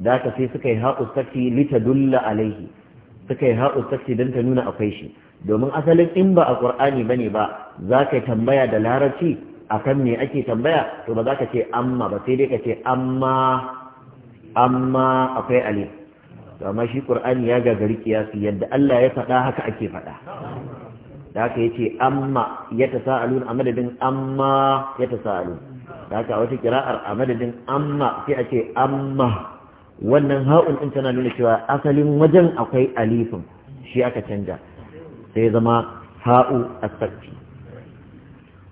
da sai suka yi haƙus tafi litadulla alaihi suka yi haƙus tafi don ta nuna akwai shi domin asalin in ba a ƙur'ani bane ba za ka tambaya da larabci akan me ake tambaya to ba za ka ce amma ba sai dai ka ce amma amma akwai alif to amma shi ƙur'ani ya gagari kiyasi yadda Allah ya faɗa haka ake faɗa da haka yace amma ya tasa'alun a madadin amma ya tasa'alun da haka wata kira'ar a madadin amma sai a ce amma wannan ha'un din tana nuna cewa asalin wajen akwai alifin shi aka canja sai zama ha'u as-sakti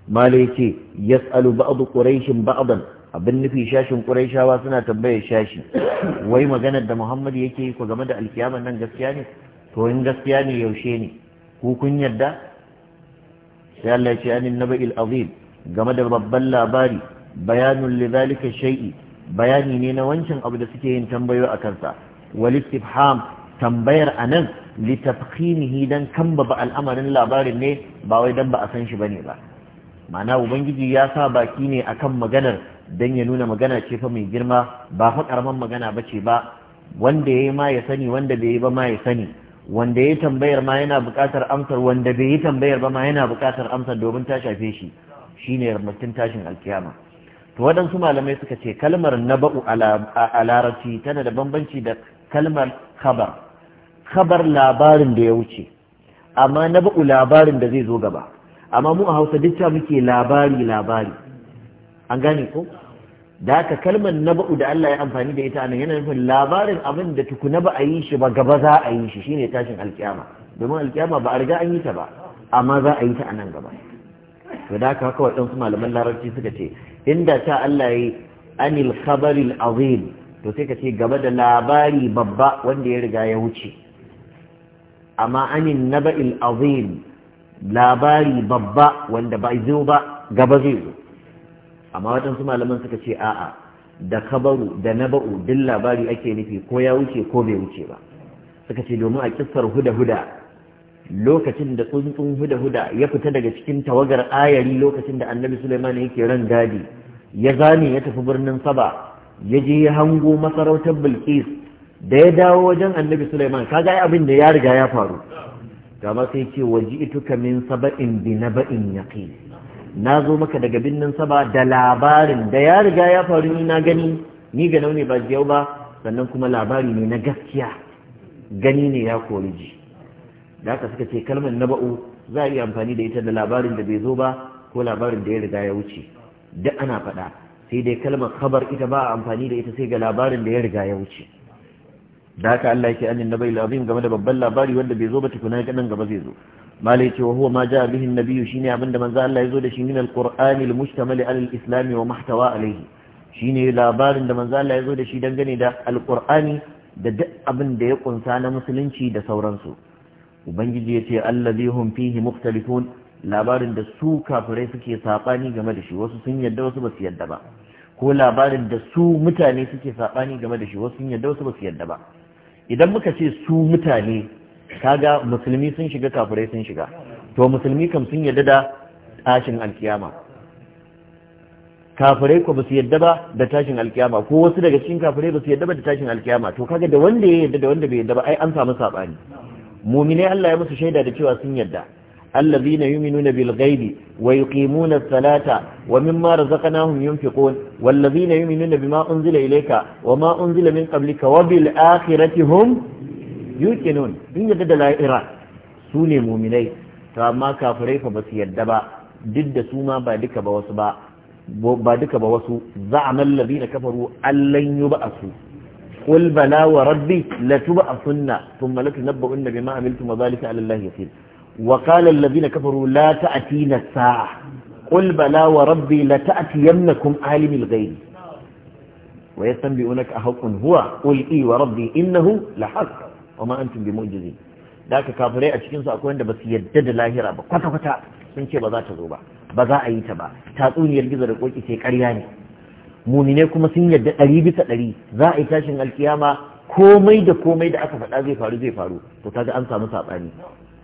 malai ce yas'alu ba'd quraishin ba'dan abin nufi shashin quraishawa suna tambayar shashi wai maganar da Muhammad yake yi ko game da alkiyama nan gaskiya ne to gaskiya ne yaushe ne ku kun yarda sai Allah ya ce anin naba'il azim game da babban labari bayanun lidhalika shay'i bayani ne na wancan abu da suke yin tambayo a kansa wal istifham tambayar anan li tafkhimihi dan kamba ba al'amarin labarin ne ba wai dan ba a san shi bane ba ma'ana ubangiji ya sa baki ne akan maganar dan ya nuna magana ce fa mai girma ba fa karaman magana bace ba wanda yayi ma ya sani wanda bai yi ba ma ya sani wanda tambayar ma yana buƙatar amsar wanda bai yi tambayar ba ma yana buƙatar amsar domin ta shafe shi shine mutum tashin alkiyama to waɗansu malamai suka ce kalmar naba'u a larabci tana da bambanci da kalmar khabar khabar labarin da ya wuce amma naba'u labarin da zai zo gaba amma mu a hausa dukka muke labari labari an gane ko da haka kalmar naba'u da Allah ya amfani da ita nan yana nufin labarin abin da tukuna ba a yi shi ba gaba za a yi shi shine tashin alkiyama domin alkiyama ba a riga an yi ta ba amma za a yi ta a nan gaba to da haka kawai ɗansu malaman larabci suka ce inda ta Allah yi anil khabarin azim to sai ka ce gaba da labari babba wanda ya riga ya wuce amma anin naba'il azim labari babba wanda ba zo ba gaba zai zo amma waɗansu malaman suka ce a'a da kabaru da naba'u duk labari ake nufi ko ya wuce ko bai wuce ba suka ce domin a kissar huda-huda lokacin da tsuntsun huda-huda ya fita daga cikin tawagar ayari lokacin da annabi suleiman yake ran gadi ya zane ya tafi birnin saba ya je ya hango masarautar bilkis da ya dawo wajen annabi suleiman kaga ai abin da ya riga ya faru gama sai ce waji ka min saba'in bi naba'in yaqin na zo maka daga birnin saba da labarin da ya riga ya faru ni na gani ni ga nauni ba jiyau ba sannan kuma labari ne na gaskiya gani ne ya kori ji da haka suka ce kalmar naba'u za a iya amfani da ita da labarin da bai zo ba ko labarin da ya riga ya wuce duk ana faɗa sai dai kalmar khabar ita ba a amfani da ita sai ga labarin da ya riga ya wuce da haka Allah yake annin nabai azim game da babban labari wanda bai zo ba tukuna ga nan gaba zai zo mala yace wa huwa ma jaa bihi an-nabiyyu shine abinda manzo Allah ya zo da shi min al-qur'ani al ala al-islam wa mahtawa alayhi shine labarin da manzo Allah ya zo da shi dangane da al-qur'ani da duk abin da ya kunsa na musulunci da sauransu ubangiji yace allazi hum fihi mukhtalifun labarin da su kafirai suke saɓani game da shi wasu sun yadda wasu ba su yadda ba ko labarin da su mutane suke saɓani game da shi wasu sun yadda wasu ba su yadda ba idan muka ce su mutane kaga musulmi sun shiga kafirai sun shiga to musulmi kam sun yadda da tashin alkiyama kafirai ko ba su yadda ba da tashin alkiyama ko wasu daga cikin kafirai ba su yadda ba da tashin alkiyama to kaga da wanda ya yadda da wanda bai yadda ba ai an samu saɓani mumine Allah ya musu shaida da cewa sun yadda الذين يؤمنون بالغيب ويقيمون الصلاة ومما رزقناهم ينفقون والذين يؤمنون بما أنزل إليك وما أنزل من قبلك وبالآخرة هم يوقنون إن يدد الآخرة سوني مؤمني فما كافري فبس يدبا ضد سوما بعدك بوسبا بعدك بوسو زعم الذين كفروا أن لن يبأسوا قل بلى وربي لتبأسن ثم لتنبؤن بما عملتم وذلك على الله يسير wa qala allazina kafaru la ta'tina sa'a qul bala wa rabbi la ta'tiyannakum alimul ghaib wa yastanbi'unaka ahqqun huwa qul i wa rabbi innahu la haqq wa ma antum bimu'jizin da ka kafirai a cikin su akwai wanda basu yarda da lahira ba kwata kwata sun ce ba za ta zo ba ba za a yi ta ba tatsuniyar gizo da koki ce karya ne mumine kuma sun yarda ɗari bisa ɗari za a yi tashin alkiyama komai da komai da aka faɗa zai faru zai faru to kaga an samu saɓani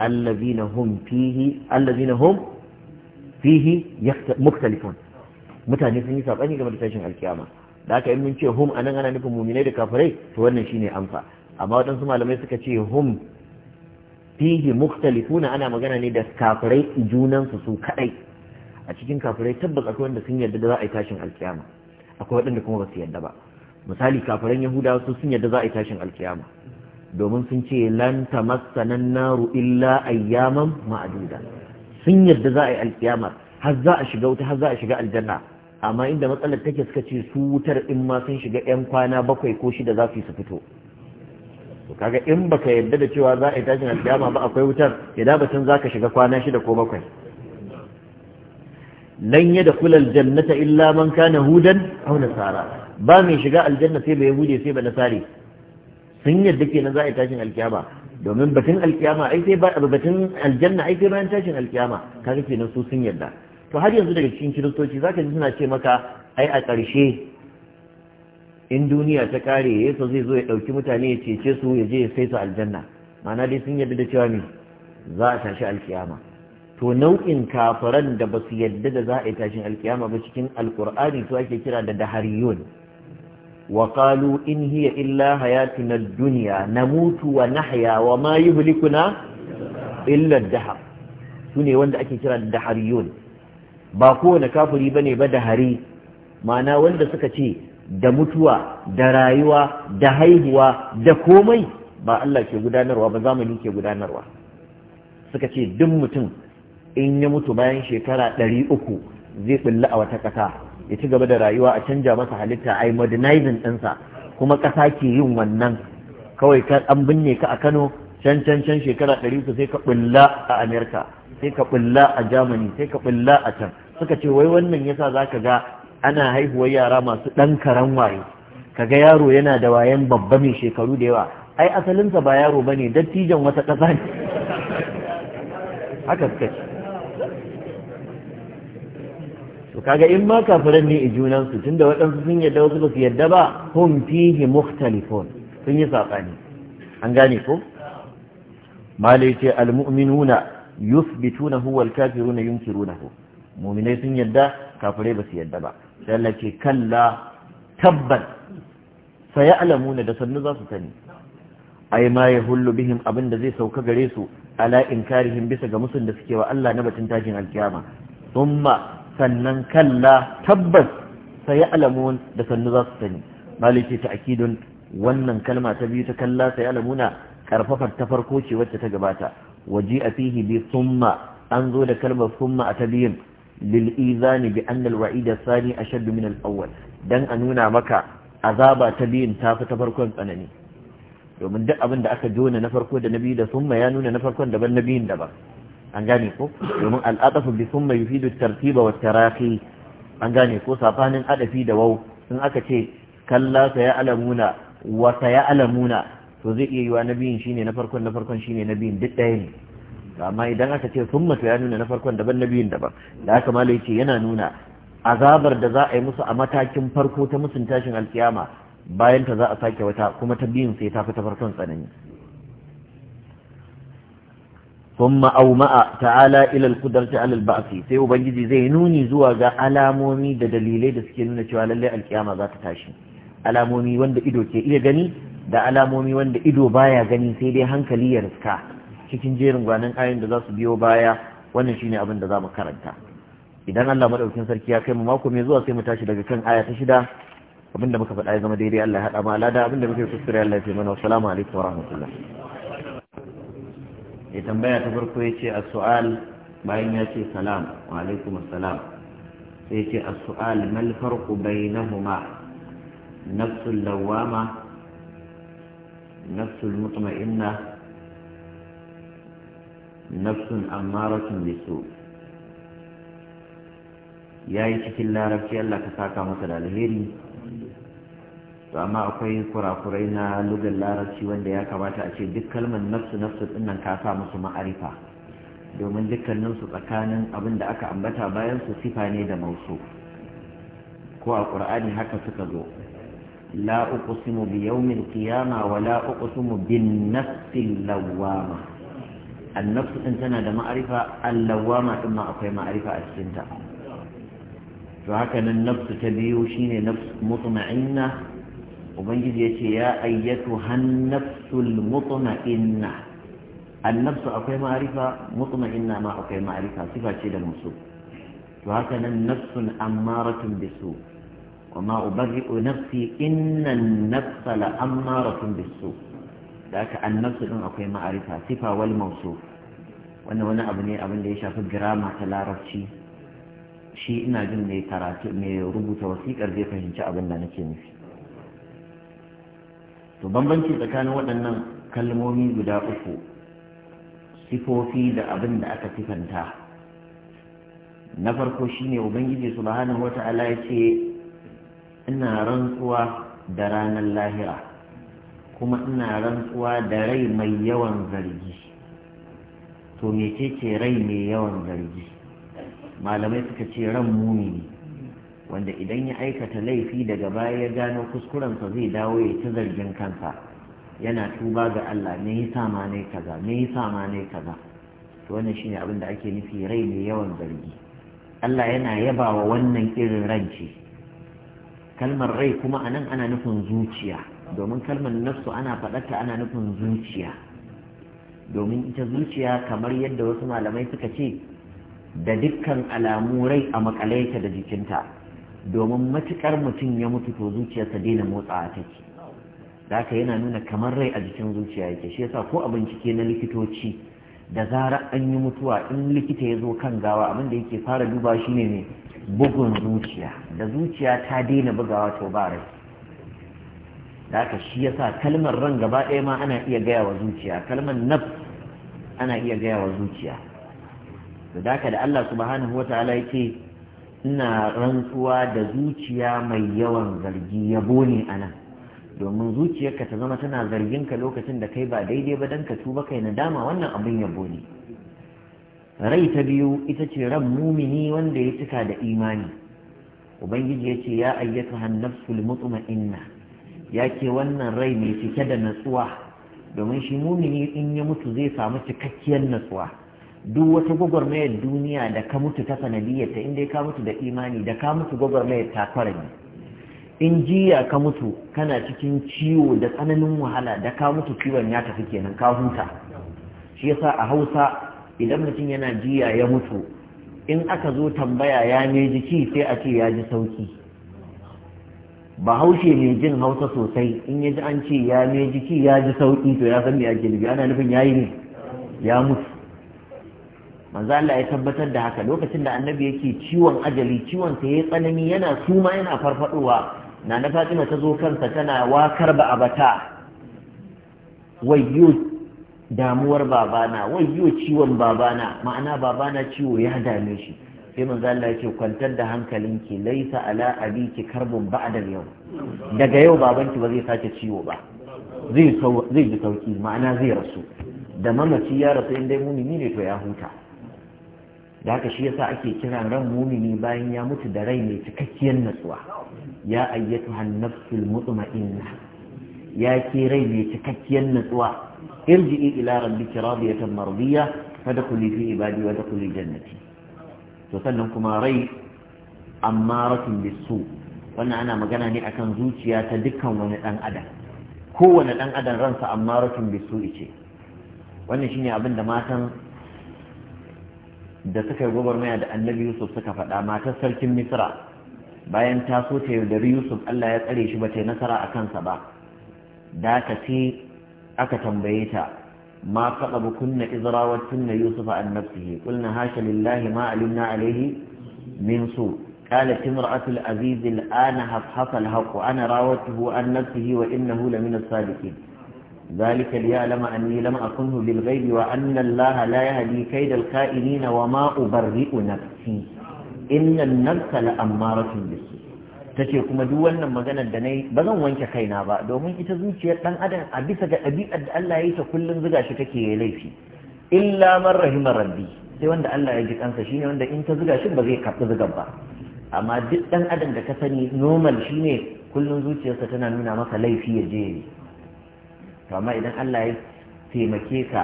الذين هم فيه الذين هم فيه مختلفون mutane sun yi saɓani game da tashin alkiyama da aka yi mun ce hum anan ana nufin muminai da kafirai to wannan shine amsa amma waɗansu malamai suka ce hum fihi mukhtalifuna ana magana ne da kafirai junansu su kadai a cikin kafirai tabbas akwai wanda sun yarda da za a yi tashin alkiyama akwai waɗanda kuma ba su yarda ba misali kafiran yahudawa su sun yarda za a yi tashin alkiyama domin sun ce lan tamassanan naru illa ayyaman ma'aduda sun yarda za a yi alkiyama har za a shiga wuta har za a shiga aljanna amma inda matsalar take suka ce su wutar in ma sun shiga yan kwana bakwai ko shida za su yi su fito to kaga in baka yarda da cewa za a yi tashin alkiyama ba akwai wutar ya dabatun za ka shiga kwana shida ko bakwai lan yadkhul aljannata illa man kana hudan aw nasara ba mai shiga aljanna sai ba yahude sai ba nasari sun yadda kenan za a yi tashin alkiyama domin batun alkiyama ai sai batun aljanna ai sai bayan tashin alkiyama kaga kenan su sun yadda to har yanzu daga cikin kiristoci zaka ji suna ce maka ai a ƙarshe in duniya ta kare yesu zai zo ya ɗauki mutane ya cece su ya je ya sai su aljanna ma'ana dai sun yadda da cewa ne za a tashi alkiyama to nau'in kafiran da ba su yadda da za a yi tashin alkiyama ba cikin alkur'ani su ake kira da dahariyun وقالوا إن هي إلا حياتنا الدنيا نموت ونحيا وما يهلكنا إلا الدهر سنة وند أكي كرا الدهريون باقونا كافري بني بدهري معنا وند سكتي da hari? Ma'ana wanda suka ce da mutuwa da rayuwa da haihuwa da komai ba Allah ke gudanarwa ba zamani ke gudanarwa suka ce duk mutum in ya mutu bayan shekara ɗari uku zai ɓulla a wata ƙasa ya ci gaba da rayuwa a canja masa halitta a yi modernizing ɗinsa kuma ƙasa ke yin wannan kawai ka an binne ka a kano can can can shekara ɗari su sai ka ɓulla a amerika sai ka ɓulla a germany sai ka ɓulla a can suka ce wai wannan yasa za ka ga ana haihuwar yara masu ɗan karen waye kaga yaro yana da wayan babba mai shekaru da yawa ai asalinsa ba yaro bane dattijan wata ƙasa ne haka suka ce to kaga in ma kafiran ne junan su tunda waɗansu sun yadda wasu ba su yadda ba hum fihi mukhtalifun sun yi saƙani. an gane ko malai ce almu'minuna yuthbituna huwa alkafiruna yunkirunahu mu'minai sun yadda kafirai ba su yadda ba sai Allah ce kalla tabban na, da sannu za su sani ai ma yahullu bihim abin da zai sauka gare su ala inkarihim bisa ga musun da suke wa Allah na batun tashin alkiyama thumma sannan kalla tabbas sai alamun da sannu za su sani malike ta akidun wannan kalma ta biyu ta kalla sai alamuna karfafar ta farko ce wacce ta gabata waje a fihi bi summa an zo da kalmar summa a ta biyun lil izani bi anna al wa'id sani ashaddu min al awwal dan a nuna maka azaba ta biyun ta fi ta farkon tsanani domin duk abin da aka jona na farko da na biyu da summa ya nuna na farkon daban na biyun daban an gane ko domin al'adafu bi summa yufidu tartiba wa tarahi an gane ko safanin adafi da wau in aka ce kalla alamuna wa alamuna to zai iya yiwa nabiyin shine na farkon na farkon shine biyun duk ɗaya ne amma idan aka ce sun to ya nuna na farkon daban biyun daban da aka malai ce yana nuna azabar da za a yi musu a matakin farko ta musun tashin alkiyama bayan ta za a sake wata kuma ta biyun sai ta fi ta farkon tsanani ثم أومأ تعالى إلى القدرة alal البعث sai ubangiji zai nuni zuwa ga alamomi da dalilai da suke nuna cewa lallai alkiyama za ta tashi alamomi wanda ido ke iya gani da alamomi wanda ido baya gani sai dai hankali ya riska cikin jerin gwanin ayoyin da za su biyo baya wannan shine abin da za mu karanta idan Allah madaukakin sarki ya kai mu mako mai zuwa sai mu tashi daga kan aya ta shida abinda muka faɗa ya zama daidai Allah ya haɗa mu alada abinda muke kuskure Allah ya fi mana assalamu alaikum wa rahmatullah ya tambaya ta farko ya ce as-su'al bayan ya ce salam wa alaikum salam sai ya ce as-su'al mal farqu bainahuma nafsul lawama nafsul mutma'inna nafsun da su ya yi cikin larabci Allah ka saka masa da alheri to amma akwai kurakurai na lugan larabci wanda ya kamata a ce duk kalmar nafsu nafsu dinnan ka sa musu ma'arifa domin dukkaninsu tsakanin abin da aka ambata bayan su sifa ne da mausu ko a kur'ani haka suka zo la uqsimu bi yawmil wa la uqsimu bin nafsil lawwama nafsu din tana da ma'arifa allawama din ma akwai ma'arifa a cikin ta to haka nan nafsu ta biyu shine nafsu mutma'inna ubangiji ya ce ya ayyatu hannafsul mutma'inna annafsu akwai ma'arifa mutma'inna ma akwai ma'arifa sifa ce da musu to haka nan nafsun ammaratun bisu وما أبرئ نفسي إن النفس din akwai ma'arifa sifa wal mausu wannan wani abu ne abin da ya shafi girama ta larabci shi ina jin mai karatu mai rubuta wasiƙar zai fahimci abin da nake nufi to bambanci tsakanin waɗannan kalmomi guda uku sifofi da abin da aka tifanta na farko shine ubangiji subhanahu wata ya ce ina rantsuwa da ranar lahira kuma ina rantsuwa da rai mai yawan zargi to mece ce rai mai yawan zargi malamai suka ce ran ne. wanda idan ya aikata laifi daga baya ya gano kuskurensa zai dawo ya ci zargin kansa yana tuba ga Allah me yasa ma ne kaza me yasa ma ne kaza to wannan shine abin da ake nufi rai ne yawan zargi Allah yana yabawa wannan irin ranci kalmar rai kuma anan ana nufin zuciya domin kalmar nafsu ana faɗata ana nufin zuciya domin ita zuciya kamar yadda wasu malamai suka ce da dukkan alamu rai a maƙalaita da jikinta domin matukar mutum ya mutu to zuciyarsa daina motsa a take da aka yana nuna kamar rai a jikin zuciya yake shi yasa ko a bincike na likitoci da zara an yi mutuwa in likita ya zo kan gawa abin da yake fara duba shi ne ne bugun zuciya da zuciya ta daina bugawa to ba rai da aka shi yasa kalmar ran gaba ɗaya ma ana iya gaya wa zuciya kalmar naf ana iya gaya wa zuciya da haka da Allah subhanahu ta'ala yake ina rantsuwa da zuciya mai yawan zargi ya bone a nan domin zuciyarka ta zama tana zargin ka lokacin da kai ba daidai ba don ka tuba kai nadama wannan abin ya bone. rai ta biyu ita ce ran mumini wanda ya cika da imani ubangiji ya ce ya ayyatu hannafsul inna ya ke wannan rai mai cike da natsuwa domin shi mumini in ya mutu zai samu cikakkiyar natsuwa duk wata gwagwarmayar duniya da ka mutu ta sanadiyyar ta inda ka mutu da imani da ka mutu gwagwarmayar ta fara ne in jiya ka mutu kana cikin ciwo da tsananin wahala da ka mutu ciwon ya tafi kenan ka huta shi yasa a hausa idan mutum yana jiya ya mutu in aka zo tambaya ya ne jiki sai a ce ya ji sauki bahaushe mai jin hausa sosai in ya ji an ce ya ne jiki ya ji sauki to ya san me ake nufi ana nufin ya yi ne ya mutu manzo Allah ya tabbatar da haka lokacin da annabi yake ciwon ajali ciwon ta yayi tsanani yana suma yana farfadowa na na Fatima ta zo kansa tana wakar ba abata wayyo damuwar babana wayyo ciwon babana ma'ana babana ciwo ya dame shi sai manzo Allah ya kwantar da hankalinki laisa ala abiki karbun ba'da yau daga yau babanki ba zai sake ciwo ba zai zai ji sauki ma'ana zai rasu da mamaci ya rasu in dai mumini ne to ya huta da haka shi yasa ake kiran ran mumini bayan ya mutu da rai mai cikakkiyar natsuwa ya ayyatu hannafsul mutma'inna ya ke rai mai cikakkiyar natsuwa irji ila rabbika radiyatan mardiya fadkhuli fi ibadi wa dakhuli jannati to sannan kuma rai ammaratun bisu wannan ana magana ne akan zuciya ta dukkan wani dan adam kowane dan adam ransa ammaratun bisu ce wannan shine abin da matan da suka yi gwagwarmaya da annabi yusuf suka faɗa matar sarkin misra bayan ta so ta yaudari yusuf allah ya tsare shi ba ta nasara a kansa ba da ka ce aka tambaye ta ma faɗa bukunna izrawar tunna yusuf an nafsihi kulna hasha lillahi ma alimna alaihi min su قالت امرأة العزيز الآن حفحف الحق أنا راودته عن نفسه وإنه لمن الصادقين ذلك ليعلم أني لم أكنه بالغيب وأن الله لا يهدي كيد الكائنين وما أبرئ نفسي إن النفس لأمارة بالسوء tace kuma duk wannan maganar da nayi ba zan wanke kaina ba domin ita zuciyar dan adam a bisa ga ɗabi'ar da Allah ya yi ta kullum zuga shi take yi laifi illa man rahima rabbi sai wanda Allah ya ji kansa shine wanda in ta zuga shi ba zai karɓi zugan ba amma duk dan adam da ka sani normal shine kullum zuciyarsa tana nuna masa laifi ya je to amma idan Allah ya taimake ka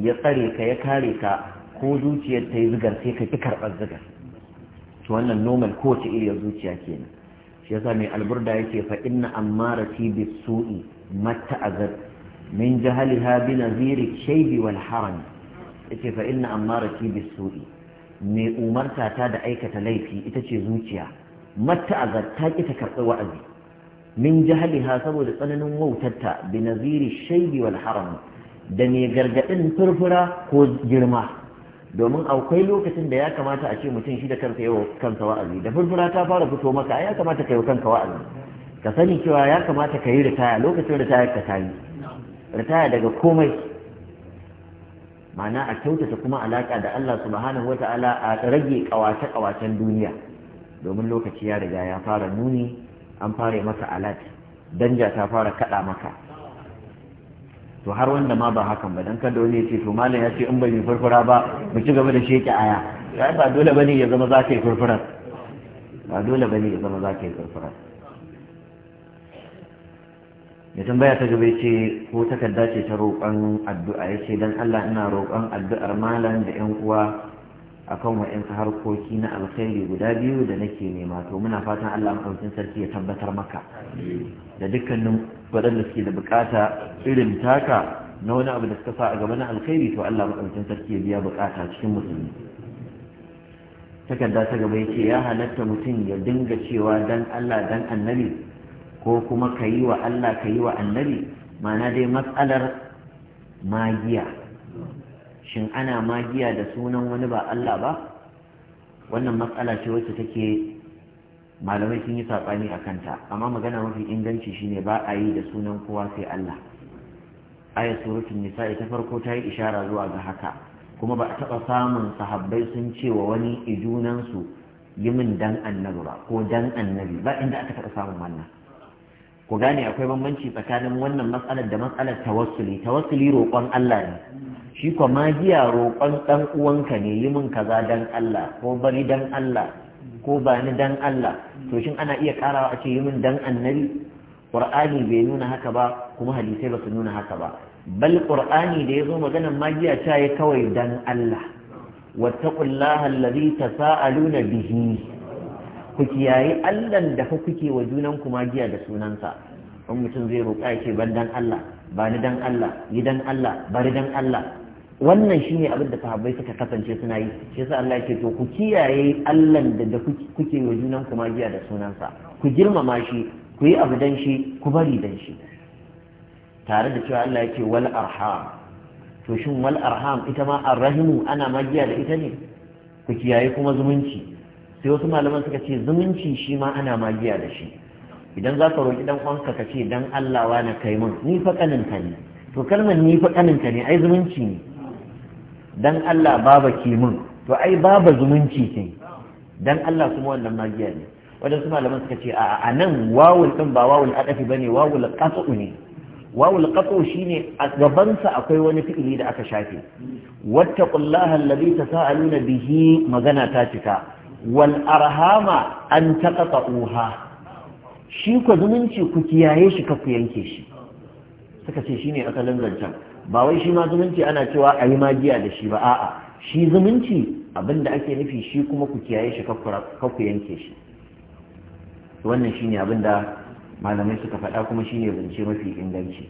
ya tsare ka ya kare ka ko zuciyar ta yi sai ka ki karɓar zigar to wannan normal kowace iriyar zuciya nan shi yasa mai alburda yake fa inna ammarati bisu'i matta azab min jahaliha bi naziri shaybi wal haram yace fa inna ammarati sui mai umarta ta da aikata laifi ita ce zuciya matta azab ta ki ta karɓi wa'azi min jahaliha saboda tsananin wautarta bi naziri shaibi wal haram da ne gargadin furfura ko girma domin akwai lokacin da ya kamata a ce mutum shi da kansa yau kansa wa'azi da furfura ta fara fito maka ya kamata ka yi kanka wa'azi ka sani cewa ya kamata ka yi ritaya lokacin ritaya ka yi, ritaya daga komai ma'ana a kyautata kuma alaka da Allah subhanahu wata'ala a rage kawace-kawacen duniya domin lokaci ya riga ya fara nuni an fara masa alat danja ta fara kaɗa maka to har wanda ma ba hakan ba dan ka wani ya ce to malam ya ce in bai furfura ba mu ci gaba da sheke aya sai ba dole bane ya zama za ka yi furfurar ba dole bane ya zama za ka yi furfurar ya tambaya ta gaba ce ko takarda ce ta roƙon addu'a ya ce dan Allah ina roƙon addu'ar malam da ƴan uwa akan wa'yansu harkoki na alkhairi guda biyu da nake nema to muna fatan Allah maɗaukin sarki ya tabbatar maka da dukkanin waɗanda suke da bukata irin taka na wani abu da suka sa a gaba na alkhairi to Allah maɗaukin sarki ya biya bukata cikin musulmi takarda ta gaba yake ya halatta mutum ya dinga cewa dan Allah dan annabi ko kuma ka yi wa Allah ka yi wa annabi ma'ana dai matsalar magiya shin ana magiya da sunan wani ba Allah ba wannan matsala ce wacce take malamai sun yi saɓani a kanta amma magana mafi inganci shine ba a yi da sunan kowa sai Allah ayat suratul nisa ta farko ta yi ishara zuwa ga haka kuma ba a taɓa samun sahabbai sun ce wa wani ijunansu yi min dan annabi ba ko dan annabi ba inda aka taɓa samun wannan ku gane akwai bambanci tsakanin wannan matsalar da matsalar tawassuli tawassuli roƙon Allah ne shi ko magiya roƙon ɗan uwanka ne yi min kaza dan Allah ko bari dan Allah ko ba ni dan Allah to shin ana iya karawa a ce yi min dan annabi qur'ani bai nuna haka ba kuma hadisai ba su nuna haka ba bal qur'ani da yazo maganar magiya ta yi kawai dan Allah wattaqullaha allazi tasaaluna bihi ku kiyaye allan da fa kuke wa junan magiya da sunansa in mutum zai roƙa ya ce ban dan Allah ba ni dan Allah yi dan Allah bari dan Allah wannan shine abin da sahabbai suka kasance suna yi shi yasa Allah yake to ku kiyaye allan da da kuke wa junan ku magiya da sunansa ku girmama shi ku yi abu dan shi ku bari dan shi tare da cewa Allah yake wal arham to shin wal arham ita ma arrahimu ana magiya da ita ne ku kiyaye kuma zumunci sai wasu malaman suka ce zumunci shi ma ana magiya da shi idan za ka roƙi dan uwanka ka ce dan Allah wa na kai mun ni fa kaninka ne to kalmar ni fa kaninka ne ai zumunci ne dan Allah baba ki mun to ai baba zumunci ke. dan Allah kuma wannan magiya ne wadansu malaman suka ce a nan wawul ɗin ba wawul adafi ne. wawul qat'u ne wawul qat'u shine a gabansa akwai wani fi'ili da aka shafe Wata wattaqullaha allazi tasaaluna bihi magana ta cika wal arhama an Uha. shi ku zumunci ku kiyaye shi ka ku yanke shi suka ce shine asalin zancen ba wai shi ma zumunci ana cewa ayi magiya da shi ba a'a shi zumunci abinda ake nufi shi kuma ku kiyaye shi ka ku yanke shi wannan shine abinda malamai suka faɗa kuma shine zance mafi inganci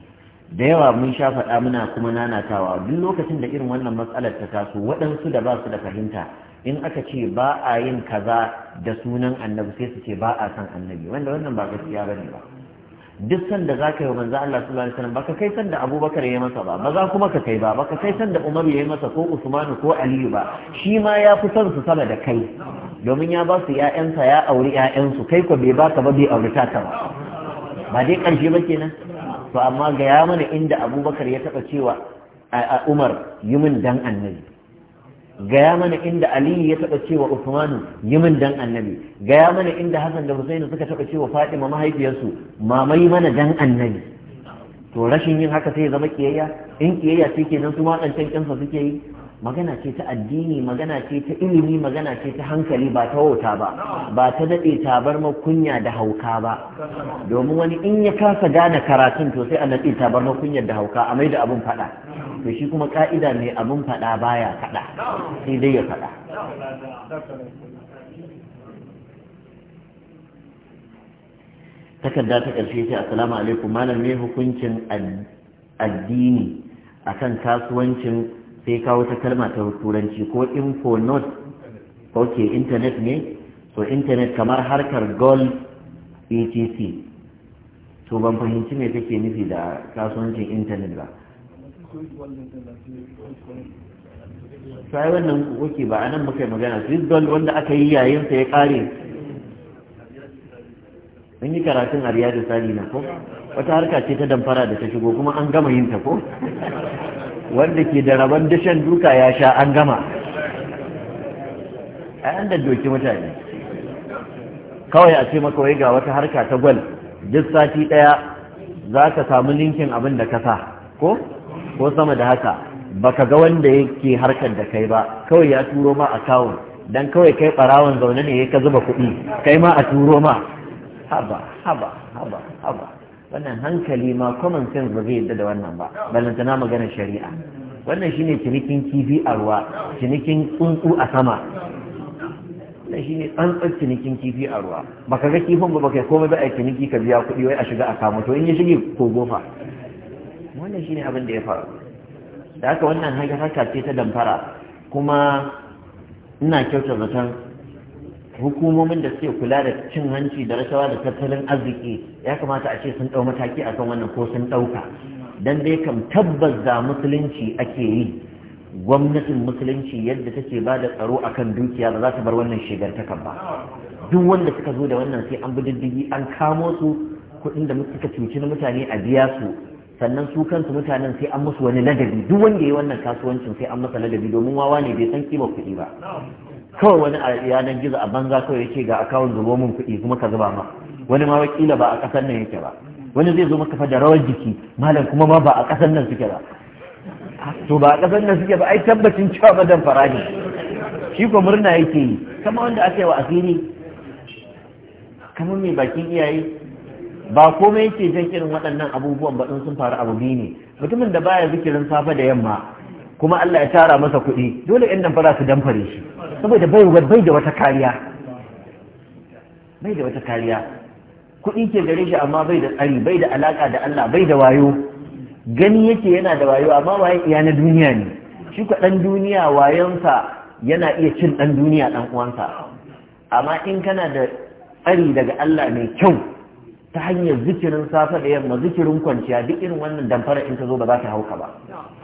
da yawa mun sha faɗa muna kuma nanatawa duk lokacin da irin wannan matsalar ta taso waɗansu da ba su da fahimta in aka ce ba a yin kaza da sunan annabi sai su ce ba a san annabi wanda wannan ba gaskiya bane ba duk sanda za ka yi manzo Allah sallallahu alaihi wasallam baka kai da Abubakar ya masa ba ba za kuma ka kai ba baka kai sanda Umar ya masa ko Usman ko Aliyu ba shi ma ya fi son su sama da kai domin ya ba su ƴaƴansa ya auri ƴaƴansu kai ko bai baka ba bai auri ta ba ba dai karshe ba kenan to amma ga ya mana inda Abubakar ya taba cewa Umar yi min dan annabi gaya mana inda aliyu ya taɓa cewa usmanu yi min dan annabi gaya mana inda hassan da Hussaina suka taɓa cewa fatima mahaifiyarsu mamai mana dan annabi to rashin yin haka sai ya zama kiyayya in kiyayya ce kenan su ma ɗancan suke yi magana ce ta addini magana ce ta ilimi magana ce ta hankali ba ta wauta ba ba ta daɗe tabarma kunya da hauka ba domin wani in ya kasa gane karatun to sai a bar ma kunya da hauka a mai da abin faɗa to shi kuma ka'ida ne abin faɗa baya fada sai dai ya faɗa takarda ta karshe ce assalamu alaikum malam ne hukuncin addini akan kasuwancin sai kawo ta kalma ta turanci ko infonet ok internet ne so internet kamar harkar gold etc to ban fahimci me take nufi da kasuwancin intanet ba sai wannan wuke ba anan muka yi magana rizdol wanda aka yi yayin sa ya kare mun yi karatun a da sani na ko wata harka ce ta damfara da ta shigo kuma an gama yin ta ko wanda ke da rabon dashen duka ya sha an gama a yan da doki mutane kawai a ce maka wai ga wata harka ta gwal duk sati daya za ka samu linkin abin da ka sa ko ko sama da haka baka ga wanda yake harkar da kai ba kawai ya turo ma a kawo dan kawai kai barawan zaune ne ka zuba kuɗi kai ma a turo ma haba haba haba haba wannan hankali ma common sense ba zai yadda da wannan ba na maganar shari'a wannan shine cinikin kifi a ruwa cinikin tsuntsu a sama wannan shine tsantsar cinikin kifi a ruwa baka ga kifin ba baka komai ba a ciniki ka biya kuɗi wai a shiga a kamo to in ya shige ko gofa wannan shine abin da ya faru da haka wannan haka ce ta damfara kuma ina kyauta zaton hukumomin da suke kula da cin hanci da rashawa da tattalin arziki ya kamata a ce sun ɗau mataki a kan wannan ko sun ɗauka don dai kam tabbas da musulunci ake yi gwamnatin musulunci yadda take ba da tsaro akan dukiya ba za ta bar wannan shigar ta ba duk wanda suka zo da wannan sai an bi diddigi an kamo su kuɗin da suka cuci na mutane a biya su sannan su kansu mutanen sai an musu wani ladabi duk wanda ya wannan kasuwancin sai an masa ladabi domin wawa ne bai san kima kuɗi ba kawai wani a yanar gizo a banza kawai yake ga akawun zubo mun kuɗi kuma ka zuba ma wani ma wakila ba a ƙasar nan yake ba wani zai zo maka fa da rawar jiki malam kuma ma ba a ƙasar nan suke ba to ba a ƙasar nan suke ba ai tabbacin cewa madan faraji shi ko murna yake yi kama wanda aka yi wa asiri kamar mai bakin iyaye ba komai yake jan irin waɗannan abubuwan ba sun faru abu biyu ne mutumin da baya zikirin safe da yamma kuma Allah ya tara masa kuɗi dole ɗan nan fara su damfare shi saboda bai da wata kariya bai da wata kariya kuɗi ke gare shi amma bai da tsari bai da alaka da Allah bai da wayo gani yake yana da wayo amma waye iya na duniya ne shi ka ɗan duniya wayonsa yana iya cin ɗan duniya ɗan uwansa amma in kana da tsari daga Allah mai kyau ta hanyar zikirin safe da yamma zikirin kwanciya duk irin wannan damfara in ta zo ba za ta hauka ba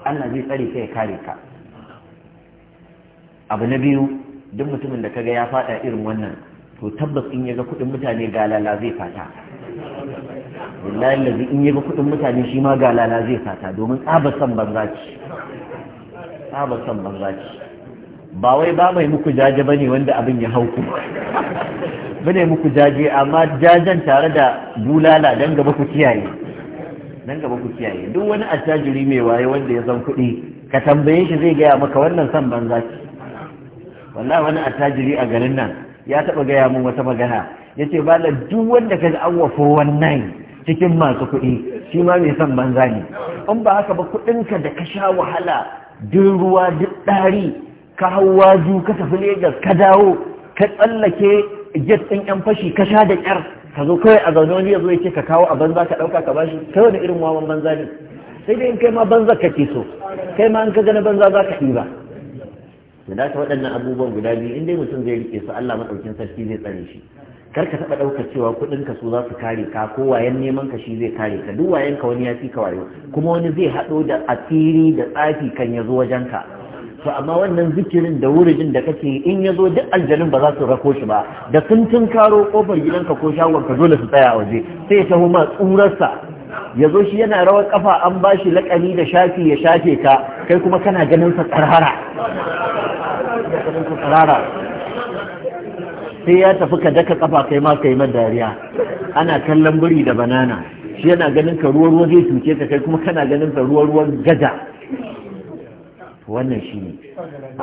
Allah zai tsare ka ya kare ka abu na biyu duk mutumin da kaga ya fada irin wannan to tabbas in yaga kudin mutane galala zai fata wallahi lazi in yaga kudin mutane shi ma galala zai fata domin tsaba san banza ce tsaba san banza ce ba wai ba mai muku jaje bane wanda abin ya hauku bane muku jaje amma jajen tare da bulala dan gaba ku kiyaye dan gaba ku kiyaye duk wani attajiri mai waye wanda ya san kuɗi ka tambaye shi zai gaya maka wannan san banza ce wallahi wani attajiri a garin nan ya taba gaya mun wata magana ya ce ba da duk wanda ka an wafo wannan cikin masu kuɗi shi ma mai son banza ne in ba haka ba kuɗinka da ka sha wahala duk ruwa duk ɗari ka hau waju ka tafi legas ka dawo ka tsallake jet ɗin yan fashi ka sha da ƙyar ka zo kawai a zaune wani ya zo ya ce ka kawo a banza ka ɗauka ka bashi kai wani irin wawan banza ne sai dai in kai ma banza ka ke so kai ma in ka gani banza za ka ɗiba da dace waɗannan abubuwan guda biyu in dai mutum zai rike su Allah maɗaukin sarki zai tsare shi kar ka taɓa ɗaukar cewa kuɗin ka su za su kare ka ko wayan neman ka shi zai kare ka duk wayan ka wani ya fi ka wayo kuma wani zai haɗo da asiri da tsafi kan ya zo wajen ka to amma wannan zikirin da wurin da kake in yazo duk aljalin ba za su rako shi ba da sun tun karo kofar gidanka ko shagonka dole su tsaya waje sai ta huma tsurarsa Yazo shi yana rawar kafa an ba shi lakani da shafi ya shafe ka kai kuma kana ganin sa tsarara sai ya tafi ka daka kafa kai ma kai dariya ana kallon biri da banana shi yana ganin ka ruwa ruwa zai cuce ka kai kuma kana ganin sa ruwa ruwan gaja wannan shi ne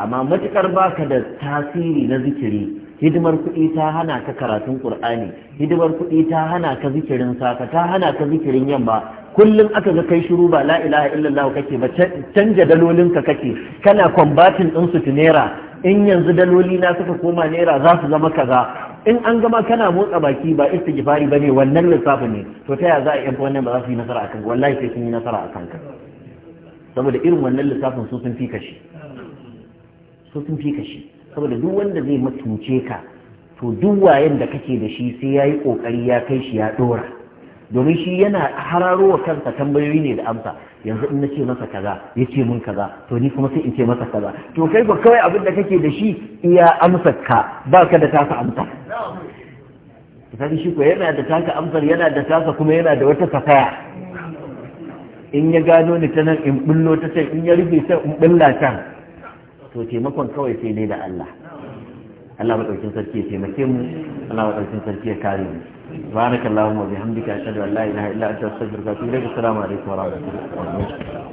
amma matukar baka da tasiri na zikiri hidimar kuɗi ta hana ka karatun ƙur'ani hidimar kuɗi ta hana ka zikirin safa ta hana ka zikirin yamma kullum aka ga kai shiru ba la ilaha illallah kake ba canja dalolinka kake kana kwambatin ɗin su naira in yanzu daloli na suka koma naira za su zama kaza in an gama kana motsa baki ba istighfari bane wannan lissafi ne to ta ya za a yi wannan ba za su yi nasara akan wallahi sai sun yi nasara akan ka saboda irin wannan lissafin su sun fi kashi su sun fi kashi saboda duk wanda zai matuce ka to duk wayen da kake da shi sai yayi kokari ya kai shi ya dora domin shi yana hararo wa kansa tambayoyi ne da amsa yanzu in nace masa kaza ya ce min kaza to ni kuma sai in ce masa kaza to kai ba kawai abin da kake da shi iya amsa ka ba ka da tasa amsa kaga shi ko yana da tasa amsar yana da tasa kuma yana da wata safaya in ya gano ni ta nan in bullo ta sai in ya rufe sai in bulla can to taimakon kawai sai dai da Allah Allah madaukin sarki ya taimake mu Allah madaukin sarki ya kare mu barakallahu wa bihamdika ashhadu an la ilaha illa anta astaghfiruka wa atubu ilaik assalamu alaikum wa rahmatullahi wa barakatuh